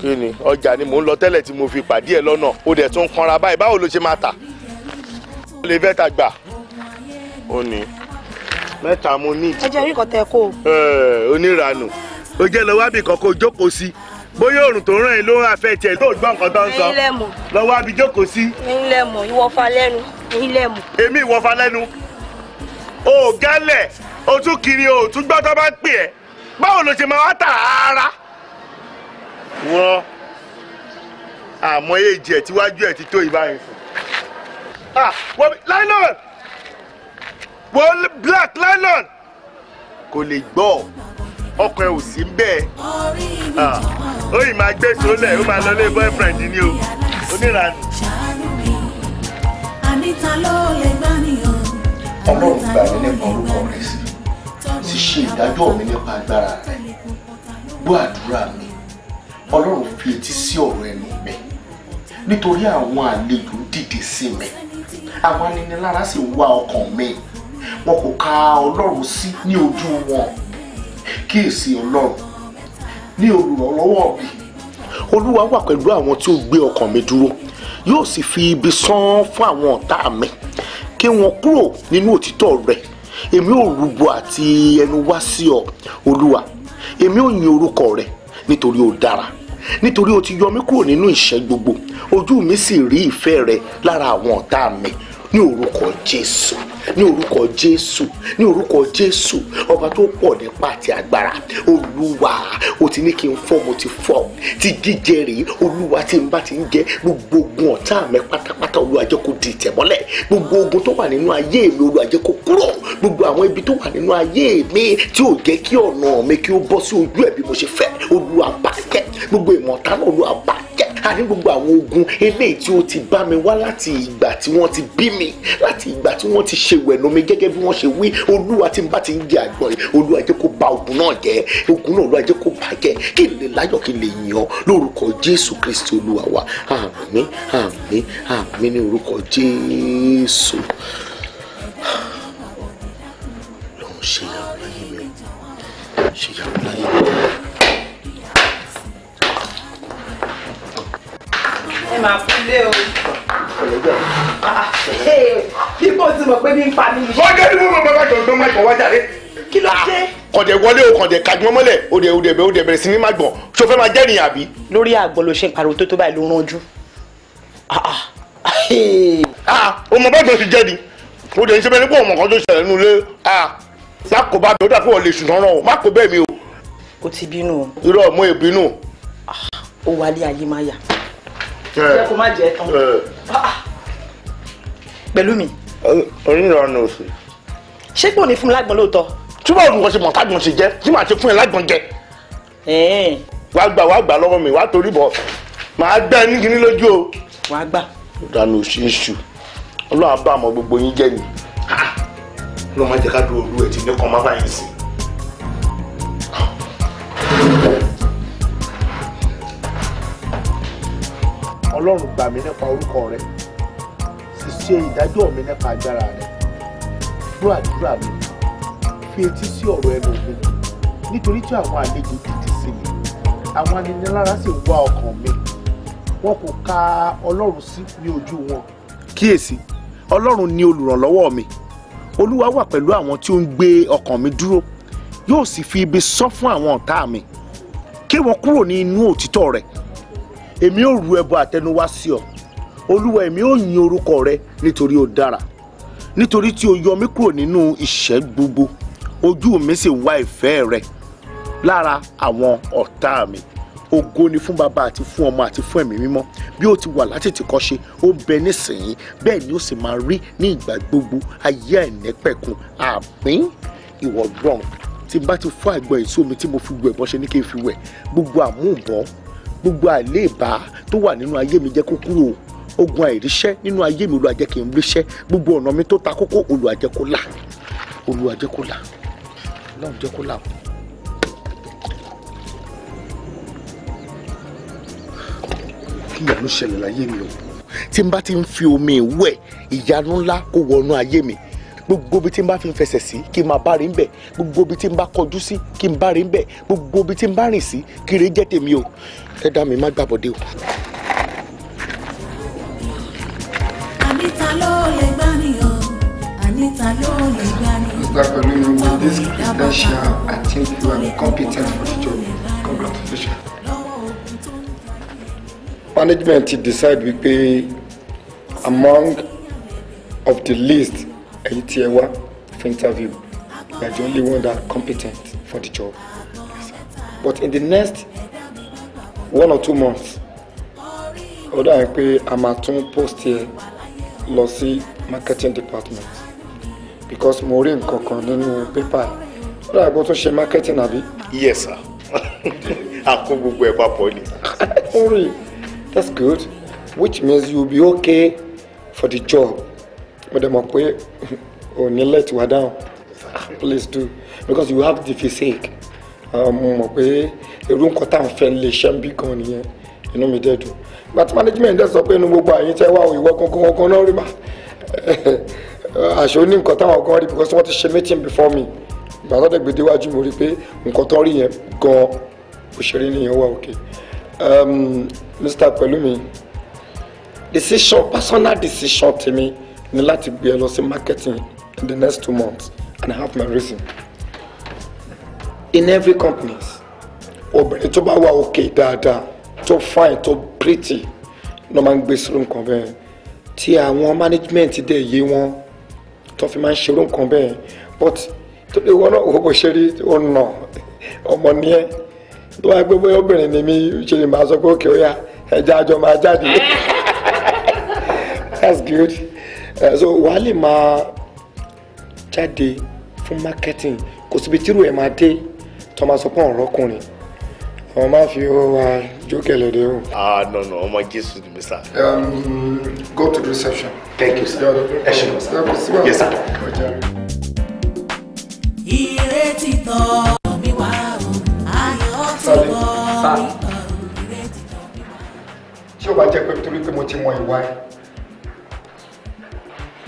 kí ni ọjà ni mò ń lọ tẹ́lẹ̀ tí mo fi pàdé ẹ lọ́nà o dẹ̀ tún kanra báyìí báwo ló ṣe máa tà. ó lè fẹ́ ta gbà ó ní mẹ́ta mo need. ẹ jẹ́ rí ìkọ̀tẹ́ kó. onírànù o jẹ́ lọ wábì kan o jókòó sí bóyá òrùn tó ràn yín ló ń afẹ́ tiẹ̀ tó gbọ́ nǹkan tó ń sọ lọ́wọ́ abijókòó sí. ẹ̀yin lẹ mọ̀ ìwọ̀fà lẹ́nu ẹ̀yin èmi ìwọ̀fà lẹ́nu o gálẹ̀ o tún kiri o tún gbọ́ tó bá pè ẹ́ báwo ló ṣe máa wá tà ara. wọn àmọ́ èjì ẹ̀ tíwájú ẹ̀ ti tó ìbáyìí fún. nylon wo black nylon kò lè gbọ́ ọ ọkọ ẹ ò sí ń bẹ́ẹ̀ ó yìí máa gbé sólẹ̀ ó máa lọ lé boyfriend ni o oníranù. ọlọ́run gbà mí nípa orúkọ rẹ̀ sí sì ṣe ìdájọ́ mi nípa agbára rẹ̀ gbọ́ àdúrà mi ọlọ́run fi etí sí ọ̀rọ̀ ẹnu mi nítorí àwọn àlejò dìde sí mi àwọn aninilára sì wá ọkàn mi wọn kò ka ọlọ́run sí ní ojú wọn kíyèsí ọlọ́run ní olùrànlọ́wọ́ mi olúwa wà pẹ̀lú àwọn tí ó gbé ọkàn mi dúró yóò sì fi ibi sán fún àwọn ọ̀tá mi kí wọ́n kúrò nínú òtítọ́ rẹ èmi ò rúbọ àti ẹnu wá sí ọ olúwa èmi ò yin orúkọ rẹ nítorí ó dára nítorí o ti yọ mí kúrò nínú ìṣẹ́ gbogbo ojú mi sì rí ìfẹ́ rẹ lára àwọn ọ̀tá mi ní orúkọ jésù ní orúkọ jésù ní orúkọ jésù ọba tó pọ̀ nípa àti agbára olúwa o ti ní kí n fọ́ mo ti fọ́ ti jíjẹ rèé olúwa tí n bá ti ń jẹ gbogbo ogun ọ̀tá mi pátápátá olúwa jẹ́ kó di ìtẹ̀mọ́lẹ̀ gbogbo ogun tó wà nínú ayé mi olúwa jẹ́ kó kúrò gbogbo àwọn ibi tó wà nínú ayé mi tí ò jẹ́ kí ọ̀nà mi kí ó bọ́ sí ojú ẹ̀ bí mo ṣe fẹ́ olúwa bàjẹ́ gbogbo ìmọ̀ta náà olúwa bàjẹ́ a ní gbogbo àwọn ogun eléyìí tí ó ti bá mi wá láti ìgbà tí wọ́n ti bí mi láti ìgbà tí wọ́n ti ṣe wẹ̀nu mi gẹ́gẹ́ bí wọ́n ṣe wí olúwa tí n bá ti ń jẹ àgbọ̀n yìí olúwa jẹ́ kó ba ogun náà jẹ́ ogun náà olúwa jẹ́ kó bàjẹ́ kí n lè láyọ̀ kí n lè yàn lórúkọ jésù kristi olúwa wa àmín àmín àmín ní orúkọ jésù lọ́run ṣe ìyàwó láyé mi ṣe ìyàwó láyé mi. ni màá fi lé o. bí ah, eh, mo ti mọ̀ pé mi ń pa mi. wọ́n jẹ́ ìlú bàbá bàjọ́ ọgbọ́n kọ̀dẹ̀ wọlé o kọ̀dẹ̀ kàgbọ́n mọ́lẹ̀ o dẹ̀ o dẹ̀ o dẹ̀ bẹ̀rẹ̀ sí ní má gbọ̀n so fẹ́ máa jẹ́rìí àbí. lórí àgbọ̀ ló ṣe ń pariwo tó tó báyìí ló ránjú. ọmọ ah, ah, eh. bàjọ́ ti jẹ́ ni o dẹ̀ ń ṣe bẹ́ẹ̀ nípa ọmọ kan tó ṣẹlẹ̀ nínú ilé má kó bá mi ó dàbí wọ́n lè ṣùnà rán o má kó bẹ́ẹ̀ mi o. o ti bínú o. irọ́ mo ì O ó wálé ayé máa yà jẹ́ kó má jẹ́ tán ah. pẹ̀lú mi. onírànà òsì. ṣé gbọ́n ní fún mi lágbọ́n lóòótọ́. tí wọ́n rùn wọ́n ṣe mọ̀ tágbọ̀n ṣe jẹ́ tí màá ṣe fún ẹ lágbọ́n jẹ. wàá gbà wàá gbà lọ́wọ́ mi wàá torí bọ̀ màá gbẹ́ ní kíní lójú o. wàá gbà. ìdáná òsì iṣu ọlọ́run bá àmọ́ gbogbo yín jẹ́ ni. Ah. ọlọ́run má jẹ́ ká dúró olú ẹ̀ tí ní kàn má báyìí sìn. ọlọ́run gbà mí nípa orúkọ rẹ sì ṣe ìdájọ́ mi nípa agbára rẹ gbọ́ àdúrà mi fi etí sí ọ̀rọ̀ ẹnu mi nítorí tí àwọn àlejò títí sí mi àwọn aninilára sì wá ọkàn mi wọn kò ka ọlọ́run sí ní ojú wọn. kíyèsí ọlọ́run ni olùrànlọ́wọ́ mi olúwa wà pẹ̀lú àwọn tí ó ń gbé ọkàn mi dúró yóò sì fi ibi sọ fún àwọn ọ̀tá mi kí wọ́n kúrò ní inú òtítọ́ rẹ̀ èmi ò ru ẹbọ àtẹnuwá sí ọ olúwa èmi ò yin orúkọ rẹ nítorí ó dára nítorí tí o yọ mí kúrò nínú ìṣẹ́ gbogbo ojú mi sì wá ìfẹ́ rẹ lára àwọn ọ̀tá mi ògo ni fún bàbá àti fún ọmọ àti fún ẹ̀mí mímọ́ bí ó ti wà látètè kọ́ṣe ó bẹ nísìnyí bẹ́ẹ̀ ni ó sì máa rí ní ìgbà gbogbo ayé àìnípẹ̀kun àmín ìwọ drunk tí n bá ti fọ́ àgbọn èso mi tí mo fi gbọ ẹbọ ṣe ní kí n fi wẹ̀ gbogbo àmúbọ gbogbo àléèbá tó wà nínú ayé mi jẹ́ kó kúrò ogun àìríṣẹ́ nínú ayé mi Olúwa jẹ́ kí n gbogbo ọ̀nà mi tó ta kókó Olúwa kó là Olúwa kó là Ọlọ́run jẹ́ kó là o. kí ṣẹlẹ̀ láyé mi o tí n bá ti ń fi omi wẹ̀ ìyanu ńlá kó wọnú ayé mi gbogbo ibi tí n bá fi fẹsẹ̀ sí kí n máa bá rí ń bẹ̀ gbogbo ibi tí n bá kọjú sí kí n bá rí ń bẹ̀ gbogbo ibi tí n bá rìn sí kí n rí jẹ́ tèmi o ẹ dá mi má gbàbọ̀dé o. àníta ló lè gbá ni o àníta ló lè gbá ni o. mr kolinu with this credential i think you are competent for the job congratulations. management ti decide wípé among of the list èyí tí ẹ wá for interview you are the only one that competent for the job yes, but in the next one or two months ó dà yẹn pé a máa tún post yẹ lọ sí marketing department because mo rí nǹkan kan nínú pépà ó dà bó tún ṣe marketing àbí. yes sir [laughs] a kó gbogbo ẹ̀ papọ̀ ni. [laughs] ó rí that's good which means you be okay for the job mo dẹ̀ mọ̀ pé ò [laughs] ní let wa down ah, please do because you have the physique Ah, mo mọ̀ pé irú nǹkan tá à ń fẹ́ lè ṣẹ́ ń bí gan nìyẹn inú mi dẹ̀ dùn ìgbà tí management dẹ̀ sọ pé inú gbogbo àyín tẹ́ wá ìwọ kankan kankan náà rí mà [laughs] àṣọ ní nǹkan táwọn kan rí because wọ́n ti ṣe meeting before me ìgbà tó dẹ̀ gbèdé wájú mo rí pé nǹkan tó rí yẹn gan òṣèré nìyẹn wà òkè um, Mr. Pẹ̀lúmi decision personal decision tèmi ni láti gbé ẹ lọ sí marketing in the next two months and I have my reason in every companies obìnrin tó bá wà òkè dáadáa tó fine tó pretty ló máa ń gbé sírò nǹkan bẹ́ẹ̀ tí àwọn management dẹ̀ yé wọn tó fi máa ń ṣerú nǹkan bẹ́ẹ̀ but tó lè wọ́n náà kókò ṣe rí ọ̀nà ọmọ ní ẹ tó wáá gbé bóyá obìnrin ni mí ṣe lè máa sọ pé òkè ó ẹja àjọ máa jáde [laughs] that's good eh, so wàá lè máa jáde fún marketing kò síbi tírú ẹ̀ máa dé tó máa sọ pé ọ̀rọ̀ ọkùnrin wọn máa fi owó wa jókè lóde o. ah no no ọmọ jésù ni mi sá. Um, go to the reception. thank you sir ẹ ṣe lọ sir yes sir. ìrètí tọ́ mi wá o ayọ̀ tó bọ̀ mi kọ̀ ìrètí o bá jẹ́ pé torí pé mo ti mọ ìwà ẹ̀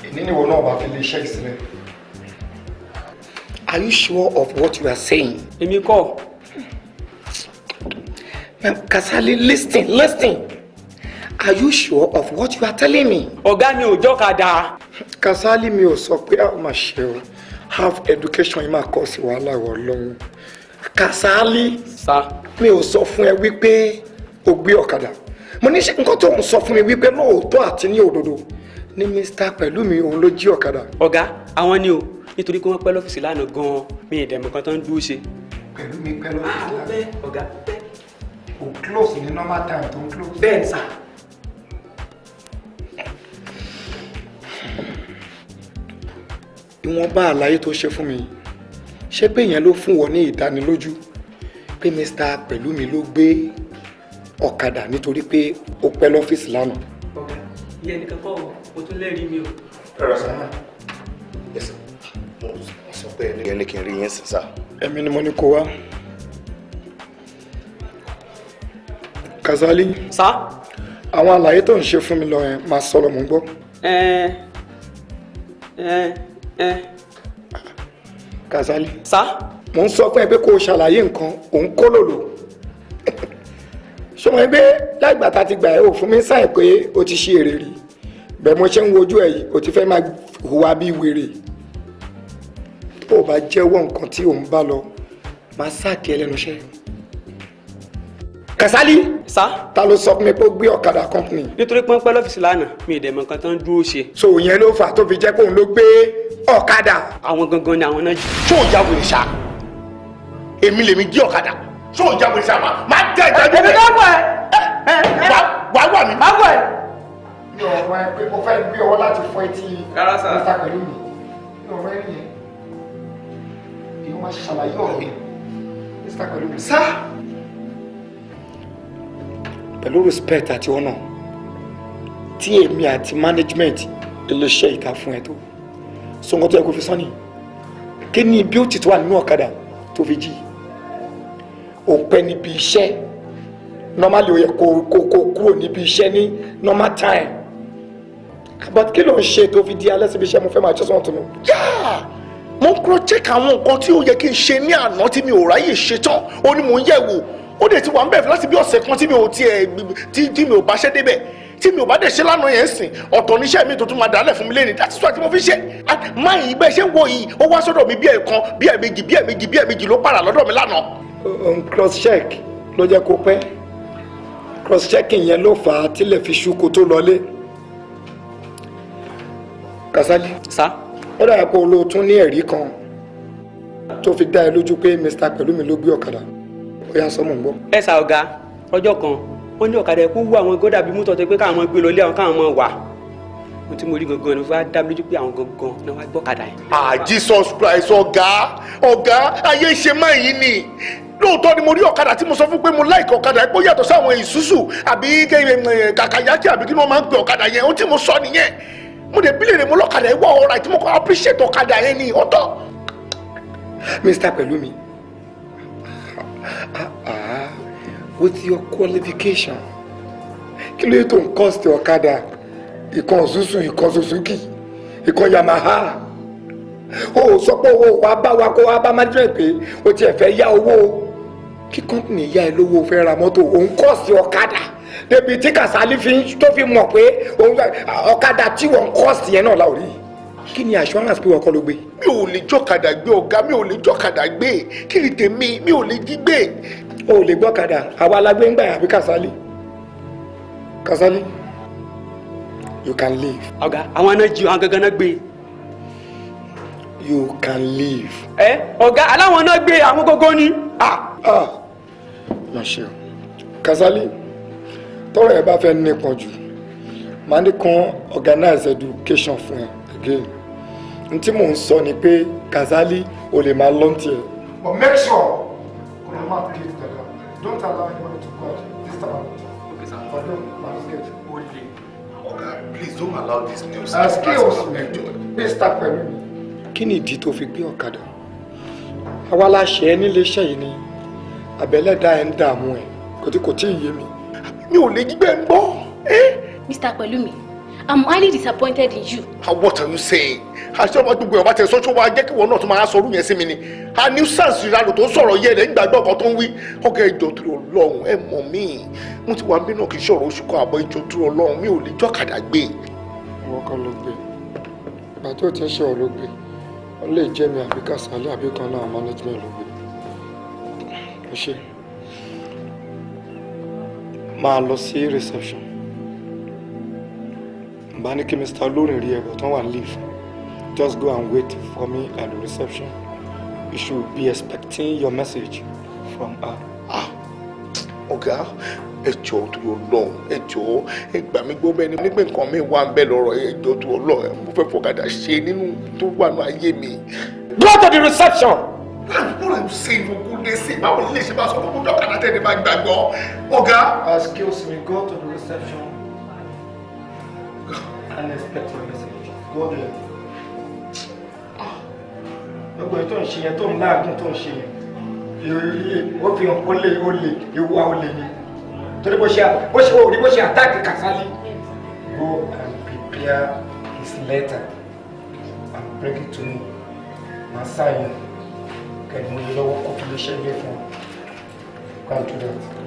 ìníníwò náà bá fi lè ṣe ìsílẹ̀ are you sure of what you are saying. èmi kọ́. ma'am Kasali listen listen are you sure of what you are telling me. ọ̀gá mi ò jọ́kadà. Kasali mi ò sọ pé a máa ṣe o half education yìí máa kọ́ sí wàhálà wọ̀ lọ́wọ́ Kasali. sa. mi ò sọ fún ẹ wípé o gbé ọ̀kadà mo ní ṣe nǹkan tó ń sọ fún mi wípé lóòótọ́ àti ní òdodo ní Mr. Pẹ̀lúmi òun ló jí ọ̀kadà. ọ̀gá àwọn ni o nítorí pé wọ́n pẹ́ lọ́fíìsì lánàá gan-an mi ì dẹ̀mọ̀ kan tó ń dúró ṣe. pẹ̀lú mi pẹ́ lọ́fíìsì ah, lánàá. bẹ́ẹ̀ ọ̀gá bẹ́ẹ̀. kò close ní normal time tó ń close. bẹ́ẹ̀ sà. ìwọ̀nba àlàyé tó ṣe fún mi ṣé pé ìyẹn ló fún wọn ní ìdánilójú pé Mr. Pẹ̀lúmi ló gbé ọ̀kadà nítorí pé ó pẹ́ lọ́fíìsì lánàá. ọ̀gá ìyẹn nìkan kọ́ ọ̀ mo tún lẹ́rìí mi o. ẹ̀rọ sọ́nà ẹ̀sìn mo sọ pé ẹni yẹn ní kí n rí yín sísá. èmi ni mo ní kó wá. Kazali. sá. àwọn àlàyé tó ń ṣe fún mi lọ yẹn máa sọ lọ mò ń ẹ ẹ ẹ. Kazali. sá. mo ń sọ fún pé kó o ṣàlàyé nǹkan òun kó lòlò sọmọ ẹgbẹ́ láìgbà tá a ti gbà ẹ́ ò fún mi sáì pé o ti ṣe èrè rí bẹ́ẹ̀ mo ṣe ń wojú ẹ̀ yìí o ti fẹ́ máa hùwà bíi wèrè bó o bá jẹ́wọ́ nǹkan tí òun bá lọ máa sáàkì ẹlẹ́nu iṣẹ́ Kasali sa ta ló sọ fún mi pé ó gbé ọ̀kadà company. nítorí pọ́npẹ́ lọ́fíìsì lánàá mi ì dẹ̀ mọ̀ nǹkan tán dúró ṣe. so ìyẹn ló fà tó fi jẹ́ pé òun ló gbé ọ̀kadà. àwọn gangan ni àwọn náà jù. tó o jáwé ní sá èmi lèmi jí ọ̀kadà tó o jáwé ní sá máa dá ìdájọ́ rẹ̀. èmi náà wọ̀ ẹ́. wàá wà mí. máa wọ̀ ẹ́. mi ò wọ pé mo fẹ́ gbé ọwọ́ láti fọ etí. rárá sá kí wọ́n ṣàlàyé ọ̀rọ̀ mr pẹ̀lú sá. pẹ̀lú respect àti ọ̀nà tí èmi àti management iléeṣẹ́ ìta fún ẹ tó so nǹkan tó yẹ kó fi sọ́ni kí ni beauty tó wà nínú ọ̀kadà tó fi jí òpẹ́ níbi iṣẹ́ normally ó yẹ kó kó kó kúrò níbi iṣẹ́ ní normal time but kí ló ń ṣe tó fi di alẹ́ síbi iṣẹ́ mo fẹ́ máa just want to know. Yeah! mo ń kúrò check àwọn nǹkan tí ó yẹ kí n ṣe ní àná tí mi ò ráyè ṣe tán ó ní mò ń yẹ̀wò ó dẹ̀ ti wà ń bẹ̀ láti bí ọ̀sẹ̀ kan tí mi ò tiẹ̀ tí mi ò bá ṣẹ́ débẹ̀ tí mi ò bá dẹ̀ ṣe lánàá yẹn sìn ọ̀tọ̀ níṣẹ́ mi tó tún máa dálẹ̀ fún mi lẹ́ni láti sọ àti mo fi ṣe máa yìí bẹ́ẹ̀ ṣe wọ yìí ó wá sọ́dọ̀ mi bí ẹ̀ẹ̀kan bí ẹ̀ẹ̀mejì bí ẹ̀ẹ̀mejì bí ẹ̀ẹ̀mejì ló para lọ́dọ̀ mi lánàá. cross check ló jẹ́ kó pẹ́ cross check yẹn ló fà á tilẹ̀ fi ṣú kó tó lọlé. Kasali. sa ó dàbí pé olóò tún ní ẹ̀rí kan tó fi dá ẹ lójú pé Mr. Pẹ̀lúmi ló gbé ọ̀kadà ó yá sọ mọ̀ ń gbọ́. ẹ sà ọ̀gá ọjọ́ kan wọ́n ní ọ̀kadà ẹ̀kú wú àwọn gọ́dà bíi mútọ́ tó pé káwọn gbé lọ lé àwọn káwọn mọ̀ wà mo ti mo rí gangan ni wọ́n á dá lójú pé àwọn gangan ni wọ́n á gbọ́kadà yẹn. ah Jesus Christ ọ̀gá ọ̀gá ayé ṣe máa yìí ni lóòótọ́ ni mo rí ọ̀kadà tí mo sọ fún pé mo láìka ọ̀kadà pé ó yàtọ̀ sáwọn Isuzu àbí eh, kàkàyákì àbí kí ni wọ́n máa ń pè ọ̀kadà yẹn ohun tí mo sọ nìyẹn mo dẹ̀ bílẹ̀ mo lọ́kadà ìwọ ọ̀rọ̀ àti mo kọ́ appreciate ọ̀kadà yẹn ni ọ̀tọ̀. Mr. Pẹ̀lúmi with your qualification kí ló yẹ tó ń cost ọ̀kadà ìkan zuzu ìkan Suzuki ìkan Yamaha o sọ pé owó wa bá wa kó wa bá management pé o tiẹ̀ fẹ́ yá owó kí company yá ẹ lówó fẹ́ ra mọ́tò òun cost ọ̀kadà débi tí Kasali fi tó fi mọ̀ pé ọ̀kadà tí wọ́n kọ́ sí yẹn náà la ò rí kí ni assurance pé wọ́n kọ́ ló gbé. mi ò lè jọ́kadà gbé ọ̀gá mi ò lè jọ́kadà gbé kí ni tèmi mi ò lè jí gbé. o ò lè gbọ́kadà àwa alágbé ń gbà àbí Kasali Kasali you can leave. ọ̀gá àwọn náà jí àwọn gangan náà gbé. you can leave. ẹ ọ̀gá aláwọn náà gbé àwọn gógó ni. ah ah. Kasali tọ́rọ̀ ẹ bá fẹ́ nípọn jù màá ní kan organize education fún ẹ again n tí mò ń sọ ni pé Kazali ò lè máa lọ́n tiẹ̀. but make sure kò lè máa gate dada don't allow anyone to guard this time around. okay sir but don't pass gate. o le oga please don't allow this news. skills bí star pẹ̀lú. kí ni ìdí tó fi gbé ọ̀kadà àwa la ṣe é níléeṣẹ́ yìí ni àbẹ̀lẹ́dà ẹ̀ ń dààmú ẹ̀ kò tí kò tí ì yé mi mi ò lè gbígbẹ́ ń gbọ́. Eh, Mr. Pẹ̀lúmi I'm highly disappointed in you. Ah, what are you saying? Àṣé ọmọ gbogbo ẹ̀ bá tẹ̀ sọ́jọ́ wa jẹ́ kí wọn náà tún máa sọrú yẹn sí mi ni. A nuisance ìranù tó sọ̀rọ̀ yẹ rẹ̀ gbàgbọ́ ọkàn tó ń wí. Ọ̀gá ìjọ tó lọ lọ́hùn ẹ̀ mọ̀ mí. Mo ti wà ń bínú kì í ṣọ̀rọ̀ oṣù kan àbọ̀ ìjọ tó lọ lọ́hùn mi ò lè jọ́kadà gbé. Ìwọ kan ló gbé. Ìgbà tó ti ṣe ọ̀rọ̀ gbé. Ó lè management ló máa lọ sí reception bá ní kí mr lórí rí ẹ̀bọ̀ tán wà leave just go and wait for me at the reception you should be expecting your message from her. ah ọ̀gá ẹ jọ̀ọ́ tó yọ lọ ẹ jọ̀ọ́ ẹ gbà mí gbọ́ bẹ́ẹ̀ ni nígbà nǹkan mi wà ń bẹ lọ́rọ̀ ẹ jọ̀ọ́ tó yọ lọ mo fẹ́ fọ̀kadà ṣe nínú tó wà ní ayé mi. go to the reception what i'm saying for goodness sake báwo lè ṣe máa sọ fún dókítà náà tẹ́lẹ̀ máa gbàgbọ́ ọ̀gá. excuse me go to the reception and expect your message go there. gbogbo ètò ìṣe yẹn tó ń láàgùn tó ń ṣe yẹn ó fi hàn ó lè ó lè ìwà ó lè ní torí bó ṣe bó ṣe bó ṣe àtàkì Kasali go and prepare his letter and bring it to me màá sáyẹn kẹ̀lé lọ́wọ́ kó fi lè ṣẹ́gbẹ́ fún Come to that.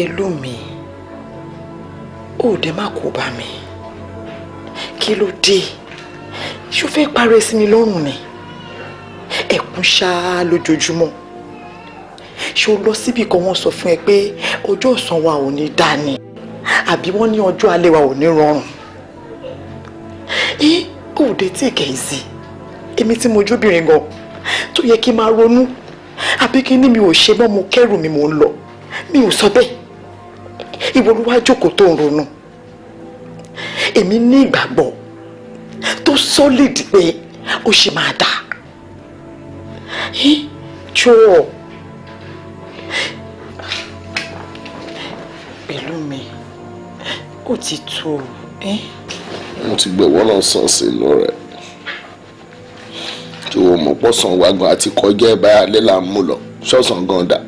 pẹ̀lú mi ó dẹ̀ má kó bá mi kí ló dé ṣó fẹ́ parẹ́ sí mi lọ́rùn ni ẹ̀kún ṣáá lójoojúmọ́ ṣó lọ síbi kan wọ́n sọ fún ẹ pé ọjọ́ ọ̀sán wa ò ní dá ni àbí wọ́n ní ọjọ́ alẹ́ wa ò ní rọrùn ẹ ò dé tí ìkẹyìn sí èmi tí mo jóbìnrin gan tó yẹ kí n máa ronú àbí kí ni mi ò ṣe mọ́ mo kẹ́rù mi mò ń lọ mi ò sọ bẹ́ẹ̀ ìwọ ló wá jókòó tó ń ronú èmi ní ìgbàgbọ́ tó solid pé ó ṣe máa dà jọ̀ọ́ pẹ̀lú mi ó ti tó o. mo ti gbẹ̀wọ́ náà sàn sí inú rẹ̀ tí o mọ̀ pọ̀ sàn wá gan àti kọjá ẹ̀ báyà lẹ́la mú lọ ṣọ̀sán gan dà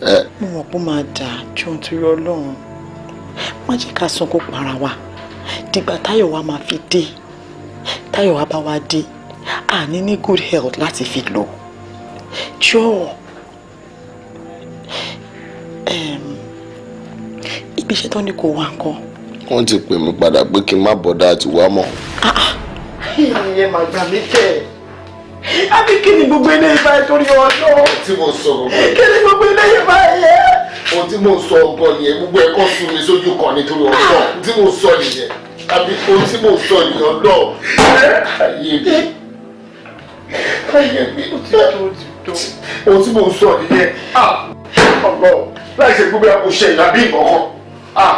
mo mọ̀ pé ó máa dà jọ nítorí ọlọ́run má jẹ́ ká sunkún para wa dìgbà táyọ̀ wa máa fi dé táyọ̀ wa bá wa dé àní ní good health láti fi lò jọ ibi iṣẹ́ tó ní kò wá nǹkan. wọ́n ti pè mí padà pé kí n má bọ̀dá àti wá mọ́. Ah, ah. ẹ máa gbà mí kẹ́ àbí kí ni gbogbo eléyìí báyìí torí ọjọ́. tí mo sọ gbogbo ẹ. kí ni gbogbo eléyìí báyìí. ohun tí mo sọ gan nìyẹn gbogbo ẹ̀kọ́ sún mi sójú kan nítorí ọjọ́ tí mo sọ nìyẹn àbí ohun tí mo sọ nìyẹn náà. ayé mi ayé mi ó ti tó ti tó. ohun tí mo sọ nìyẹn ah! ọ̀gbọ́n láì ṣe gbogbo ẹ̀kọ́ ṣe ìyàbí ìkọ̀kan. Ah!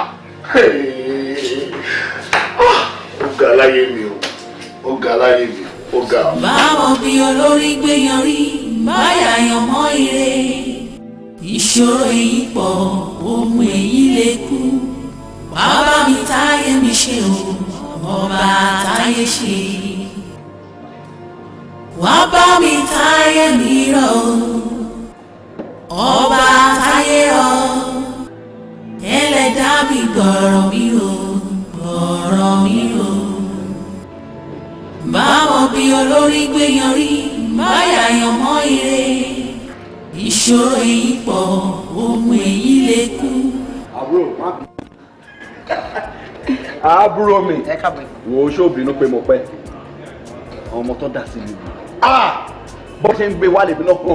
Ah! ó ga láyé mi o ó ga láyé mi ó ga ọ. báwọn bí olórí gbé yanrí báyà yan mọ́ ire ìṣòro èyí pọ̀ ohun èyí lè kú bàbá mi táyé mi ṣe o ọba táyé ṣe wá bá mi táyé mi rọ ọba táyé rọ ẹlẹ́dàá mi gbọ́rọ̀ mi o gbọ́rọ̀ mi o báwọn bí olórí gbé yanrí báyà yan mọ́ ire ìṣòro èyí pọ̀ ohun èyí lè kú. àbúrò má bí àbúrò mi wò ó pé mo pẹ́ àwọn ọmọ tó dà sí mi. Ah! bó ṣe ń gbé wálé mi lọ́kàn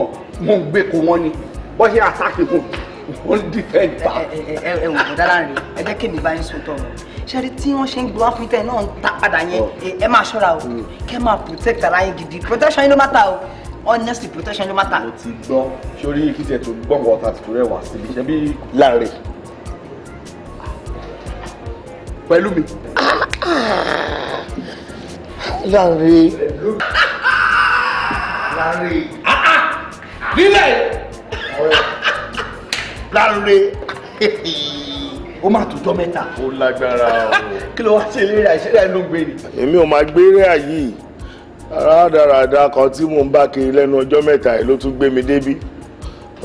mo ń gbé ko wọ́n ni bó ṣe àtàkì fún mi. [laughs] wọ́n defend back. ẹ ẹ ẹ wò dára rè ẹ jẹ́ kí mi bá yín sùn tọ̀rọ̀ ṣáàrí tí wọ́n ṣe ń gbé wá fún ìtẹ́ náà ń ta padà yẹn ẹ máa ṣọ́ra o hmm. kẹ́ máa protect ara yín gidi protection yín ló má ta o honestly protection ló má ta. mo ti gbọ́ sórí kí tiẹ̀ tó gbọ́n wọ ọ̀tá tìtúrẹ́ wá síbi ṣe bí láàrin pẹ̀lú mi. láàrin. láàrin. Ah, ah. nílẹ̀. Lánre ó máa tó jọ mẹ́ta. ó lágbára o. kí ló wá ṣe léèrè àìṣẹ́lẹ̀ ló ń gbé ni. èmi ò máa gbére àyè rádaràda kan tí mò ń bá kiri lẹ́nu ọjọ́ mẹ́ta yìí ló tún gbé mi débí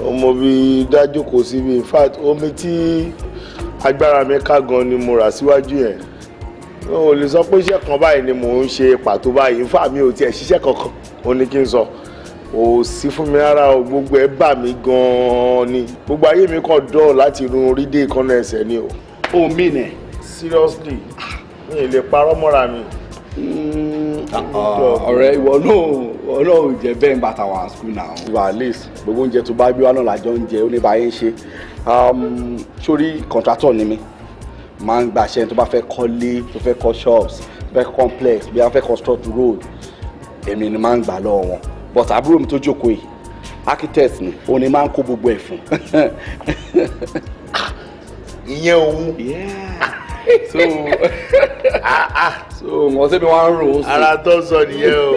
ọmọ bí dájú kò síbi in fact omi tí agbára mi ká gan ni mo rà síwájú yẹn o lè sọ pé iṣẹ́ kan báyìí ni mò ń ṣe pàtó báyìí fáàmì ò tiẹ̀ ṣiṣẹ́ kankan ó ní kí n sọ. So ò sí fún mi rárá o gbogbo ẹ bà mí gan-an ni gbogbo ayé mi kàn dọ̀ láti run orí dé ìkànnà ẹsẹ̀ ni o. o mi nẹ. seriously mi ì lè parọ́ mọ́ra mi. Hmm, ah, ọ̀rẹ́ ìwọ náà ìwọ náà ò jẹ́ bẹ́ẹ̀ ń bàtà wà school náà. wà á least gbogbo oúnjẹ tó bá bí wa náà làjọ ń jẹ ó ní bá yẹn ṣe um, sórí contractor ni mi máa ń gbàṣẹ tó bá fẹ́ kọ́lé tó fẹ́ kọ́ shops tó fẹ́ complex bí wọ́n fẹ́ construct road èmi ni máa ń gbà lọ́wọ́ wọn but àbúrò mi tó jókòó yìí architect ni òun ni máa ń kó gbogbo ẹ̀ fún. [laughs] ìyẹn òun. so [laughs] so wọ́n sẹ́mi wá ń rò ó sí. ara tó sọ nìyẹn o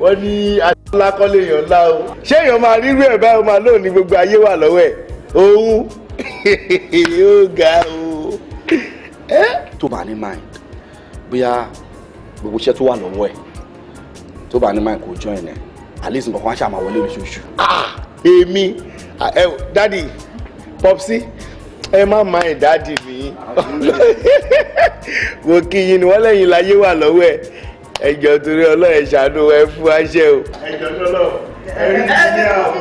wọ́n ní adúlá kọ́lé èèyàn ńlá o. ṣé èèyàn máa rírú ẹ̀ báyìí máa lóun ní gbogbo ayé wà lọ́wọ́ ẹ̀ òun [laughs] yóò ga o. tó bá ní mind bóyá gbogbo iṣẹ́ tó wà lọ́wọ́ ẹ̀ tó bá ní mind kò join ẹ̀ at least nǹkan kan ṣáà máa wọlé oṣooṣù. Ah, èmi ah, dádì popsi ẹ má má ẹ dádì mi wò [laughs] kí yín ni wọ́n lẹ́yìn láyé wà lọ́wọ́ ẹ̀ ẹjọ́ torí ọlọ́ọ̀ ṣàánú ẹ fún àṣẹ o. ẹjọ́ tọ́lọ̀ ẹ rí ti o àwọn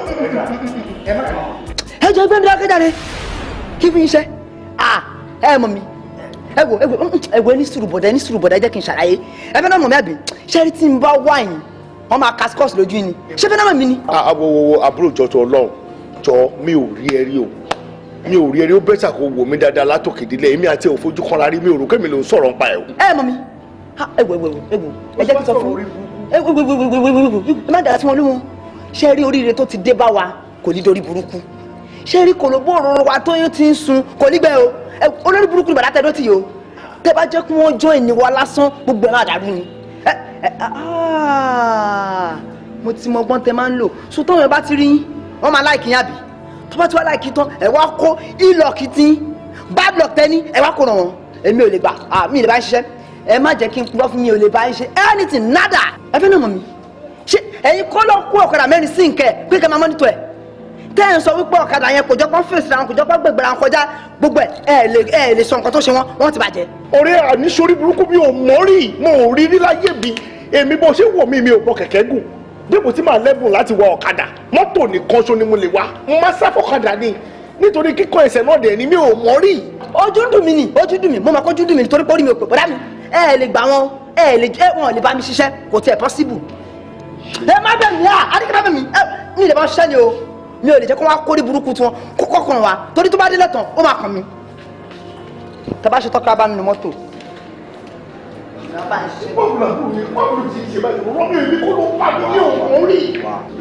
ẹjọ́ ẹjọ́ gbẹ́mí dákẹ́ dáre kí fi ń ṣe ah, ẹ mọ̀ mi ẹ wò ẹ wò ẹ ní sùrù bọ̀dá ẹ ní sùrù bọ̀dá ẹ jẹ́ kí n ṣàlàyé ẹ fẹ́ náà mọ̀ mi àbí ṣẹ́rí tí ń bá wáyìn wọ́n máa ka scores lójú ni ṣé fẹ́ náà mi ni. àwòwò àbúrò jọ tó ọlọ́run jọ mi ò rí ẹ rí o mi ò rí ẹ rí o bẹ́tà kó wò mí dáadáa látòkèdílẹ̀ èmi àti ẹ̀ òfojú kan rárí mi ò rò kémi ló ń sọ̀rọ̀ ń pa ẹ̀ o. ẹ mọ mi ẹ wẹ wẹ wẹ ẹ jẹ́ kí n sọ fún ẹ wẹ wẹ wẹ wẹ wẹ ẹ má dàá sí wọn lóhun ṣe rí oríire tó ti dé bá wa kò ní dorí burúkú ṣe rí kòlóbó òróró wa tóyún ti ń sun kò ní gbẹ o olórí burúkú ni bàdá tẹ ló ti yìí o tẹ bá jẹ́ kí wọ́n jó ènìyàn wa lásán gbogbo ẹ̀ má dàrú ni. Eh, ah, ah. mo ti mọ ọgbọ́n tẹ máa ń lò so táwọn bá ti rí yín wọ́n máa láìkí yín àbí tó bá ti wá láìkí tán ẹ̀ wá kó ìlọ́ọ̀kì tí bad luck tẹ́ ní ẹ̀ wá kó ràn wọ́n èmi ò lè gbà mi ò lè bá ń ṣiṣẹ́ ẹ má jẹ́ kí n purọ́ fún mi ò lè bá ṣe anything nada ẹ fẹ́ náà mọ̀ mi ṣe ẹ̀yin kọ́ lọ́ọ́ kó ọ̀kadà mẹ́rin sí nǹkẹ́ pé kẹ́ máa mọ́nítọ̀ ẹ̀ tẹ́ ẹ̀ ń sọ wípé ọ̀kadà yẹn kò jọpọ̀ fèsì ra wọn kò jọpọ̀ gbẹ̀gbẹ̀ra wọn kọjá gbogbo ẹ̀ ẹ̀ lè sọ nǹkan tó ṣe wọn wọn ti bàjẹ́. ọ̀rẹ́ àníṣorí burúkú mi ò mọ̀ rí mo ò rí rí láyé mi èmi bó ṣe wọ̀ mí mi ò mọ kẹ̀kẹ́ gùn dípò tí màá lẹ́bùn láti wa ọ̀kadà mọ́tò nìkan ṣo ni mo lè wa má sáfọ̀kadà ni nítorí kíkọ ẹsẹ̀ náà dẹ̀ ni mi ò mọ̀ rí. ojú dùn mí ni ojú dùn mí mo máa kọjú dùn mí nítorí pọ́rí mi ò pè bọ́dá mi ẹ lè gbà wọn ẹ lè jẹ́ wọn lè bá mi ṣiṣẹ́ kò tiẹ̀ possible. ẹ má bẹ̀ mí à àdìgbà bẹ̀ mí ẹ mi lè bá ṣiṣẹ́ ni o mi ò lè jẹ́ kó wá kórè burúkú tiwọn kó kọ́kàn wá torí tó bá délẹ̀ tán ó máa kàn mí. tàbá ṣe tọ́kara bá nínú mọ́tò.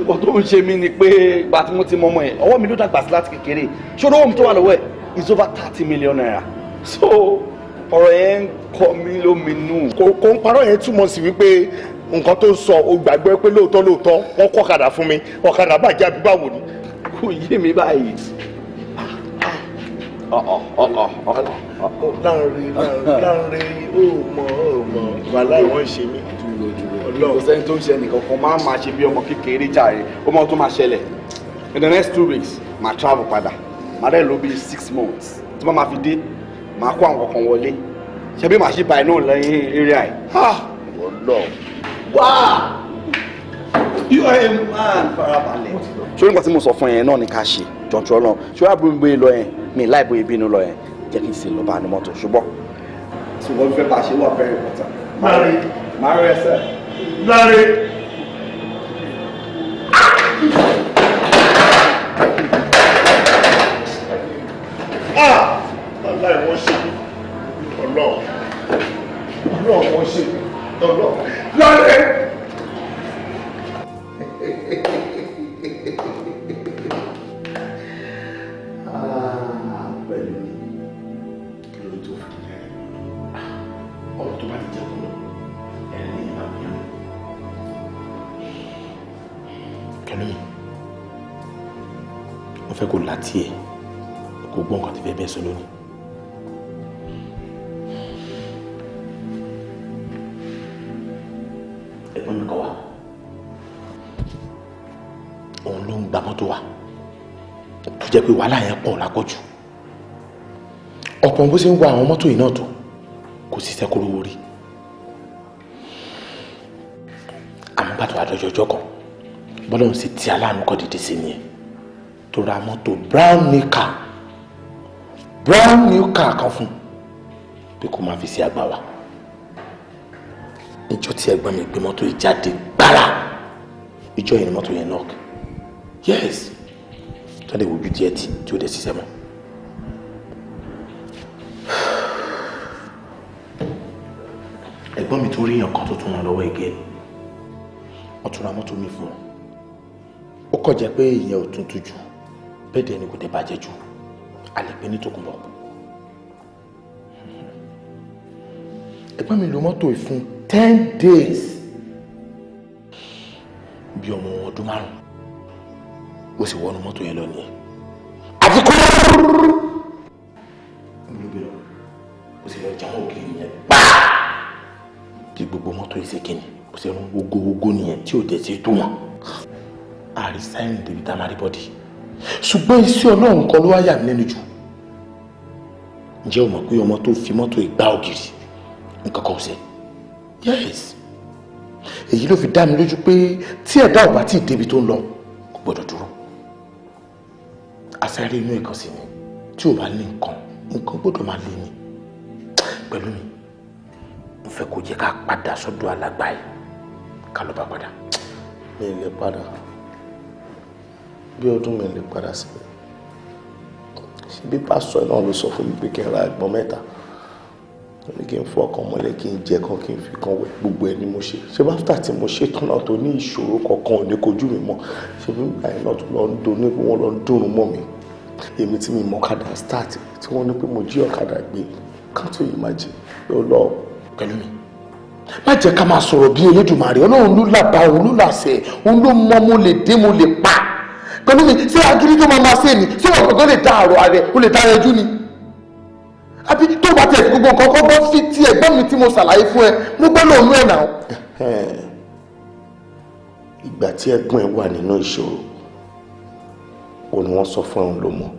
ìkọ̀ tó ń ṣe mí ni pé gba tí mo ti mọ ọmọ yẹn ọwọ́ mi ló dàgbà sí láti kékeré ṣòro ohun tó wà lọ́wọ́ ẹ̀ is over thirty million naira so ọ̀rọ̀ yẹn ń kọ mí lóminú. kò ń parọ́ yẹn túmọ̀ sí wípé nǹkan tó sọ o gbàgbọ́ pé lóòótọ́ lóòótọ́ wọ́n kọ́ ọ̀kadà fún mi ọ̀kadà bàjẹ́ àbí báwo ni kò yé mi báyìí. Ah, ah, ah, láàrin láàrin ó mọ ó mọ wàhálà ìwọ̀n ṣe mí kò sẹ́ni tó ń ṣe nìkan kan máa máa ṣe bí ọmọ kékeré jàre ó mọ tó máa ṣẹlẹ̀ in the next two weeks máa travel padà máa dẹ̀ ló bíi six months tí wọ́n máa fi dé máa kó àwọn kankan wọlé ṣebí màá ṣì bá iná lẹ́yìn area ẹ̀. wọ́n lọ. wáá you are a man farabalẹ̀. ṣé nígbà tí mo sọ fún yẹn náà ni ká ṣe jọ̀jọ̀ náà ṣé wàá bóyá bóyá lọ yẹn mi láì bóyá bínú lọ yẹn jẹ́ kí n ṣe lọ́ba ní mọ́tò ṣùgbọ́n. ṣùgbọ́n fífẹ́ bá ṣe wà very important. marry marry ẹsẹ̀. marry. mọ bó ṣe ń wa àwọn mọ́tò yìí náà tó kò sì ṣe kúrò orí àmọ́ bàtò àdójọjọ́ kan bọ́lọ́run sì ti aláàánú kan dìde sí nìyẹn tó ra mọ́tò brown new car brown new car kan fún pé kó máa fi ṣe àgbà wa ìjọ tí ẹ̀gbọ́n mi gbé mọ́tò yìí jáde gbára ìjọ yìí ni mọ́tò yẹn knock yes tó lè wojú díẹ̀ tí ó dẹ̀ ṣiṣẹ́ mọ́. ẹ̀gbọ́n mi tún rí èèyàn kan tó tún ràn lọ́wọ́ ege wọ́n tún ra mọ́tò mi fún un ó kọ̀ jẹ́ pé ìyẹn ò tuntun jù bẹ́ẹ̀ dẹ̀ ni kò dẹ̀ bàjẹ́ jù a lè gbé ní mi lo mọ́tò yìí fún ten days bí ọmọ ọdún márùn ó sì wọnú mọ́tò yẹn lọ nìyẹn àti kúrú ló gbé ó sì lọ jáwọ́ òkè yẹn pàà di gbogbo mọ́tò yìí ṣe kíni kò sí irun ogogogo nìyẹn tí ò dẹ̀ sí tó wọn. àrísá ẹ̀rìn débi tá a máa rí bọ́dì ṣùgbọ́n iṣẹ́ ọlọ́run kan ló wá yà mí lẹ́nu jù ǹjẹ́ o mọ̀ pé ọmọ tó fi mọ́tò ìgbà ògiri nǹkan kan ṣe yes èyí ló fi dá mi lójú pé tí ẹ̀dá ò bá tí ì débi tó ń lọ kò gbọ́dọ̀ dúró asáré inú ìkànsí ni tí ò bá ní nǹkan nǹkan gbọ́dọ̀ máa lé ni pẹ̀lú mi mo fẹ́ kó jẹ́ ká padà sọ́dọ̀ alàgbà yìí ká ló bá padà. mi ì lè padà bí ọdún mi lè padà síbẹ̀ ṣe bí pásítọ̀ náà ló sọ fún mi pé kí n ra ẹ̀gbọ́n mẹ́ta ó ní kí n fọ ọkàn mọ́lẹ̀ kí n jẹ kan kí n fi kan wẹ̀ gbogbo ẹ̀ ni mo ṣe ṣé bá fúta tí mo ṣe tán náà tó ní ìṣòro kankan ò ní kojú mi mọ́ ṣé bí ìgbà yẹn náà tó lọ ń dun ní pé wọ́n lọ ń dùn mọ́ mi èmi tí mi mọ ọ̀kadà start tí wọ́n ní pé mo jí ọ̀kadà gbé ká yìí má jẹ ló lọ pẹ̀lú mi má jẹ́ ká máa sọ̀rọ̀ bí Elédùmarè ọlọ́run ló làbá òun ló làṣẹ òun ló mọ mo lè dé mo lè pa pẹ̀lú mi ṣé agídí tó máa ma ṣe ni ṣé wọn kankan lè da àrò ààrẹ o lè da ara ẹjú ni àbí tó bá tẹ̀ gbogbo nǹkan kọ́ bọ́ fi ti ẹ̀gbọ́n mi tí mo ṣàlàyé fún ẹ mo gbọ́ lòun ẹ̀ náà. ìgbà tí ẹ̀gbọ́n ẹ wà nínú ìṣòro ò ni wọ́n sọ fún òun ló mọ̀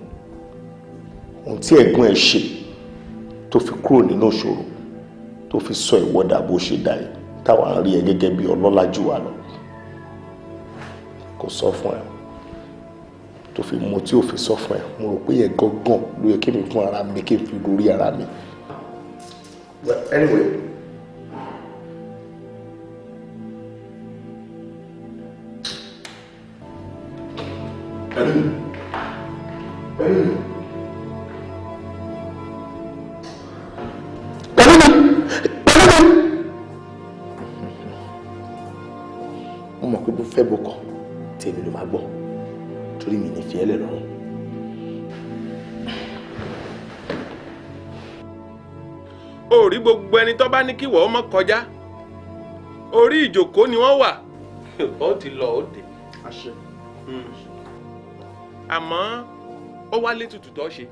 ohun tí ẹ̀gbọ́n ẹ ṣe tó fi kúrò nínú ìṣòro tó fi sọ ìwọ́dà bó ṣe dà yìí táwọn àárí ẹ gẹ́gẹ́ bí ọlọ́lá jù lọ kò sọ fún ẹ tó fi mú tí ò fi sọ fún ẹ mo rò pé yẹ gángan ló yẹ kí mi fún ara mi kí n fi lórí ara mi. anyway. Pẹ̀lú pẹ̀lú. mọ̀ pé bó fẹ́ bó kọ̀ tèmi ló máa gbọ́ torí mi ní fi ẹ́lẹ̀ lọ́rùn. ó rí gbogbo ẹni tó bá ní kí ìwọ ọmọ kọjá orí ìjókòó ni wọ́n wà ó ti lọ ó dé. Hmm. àmọ́ ó wá létùtù tó ṣe.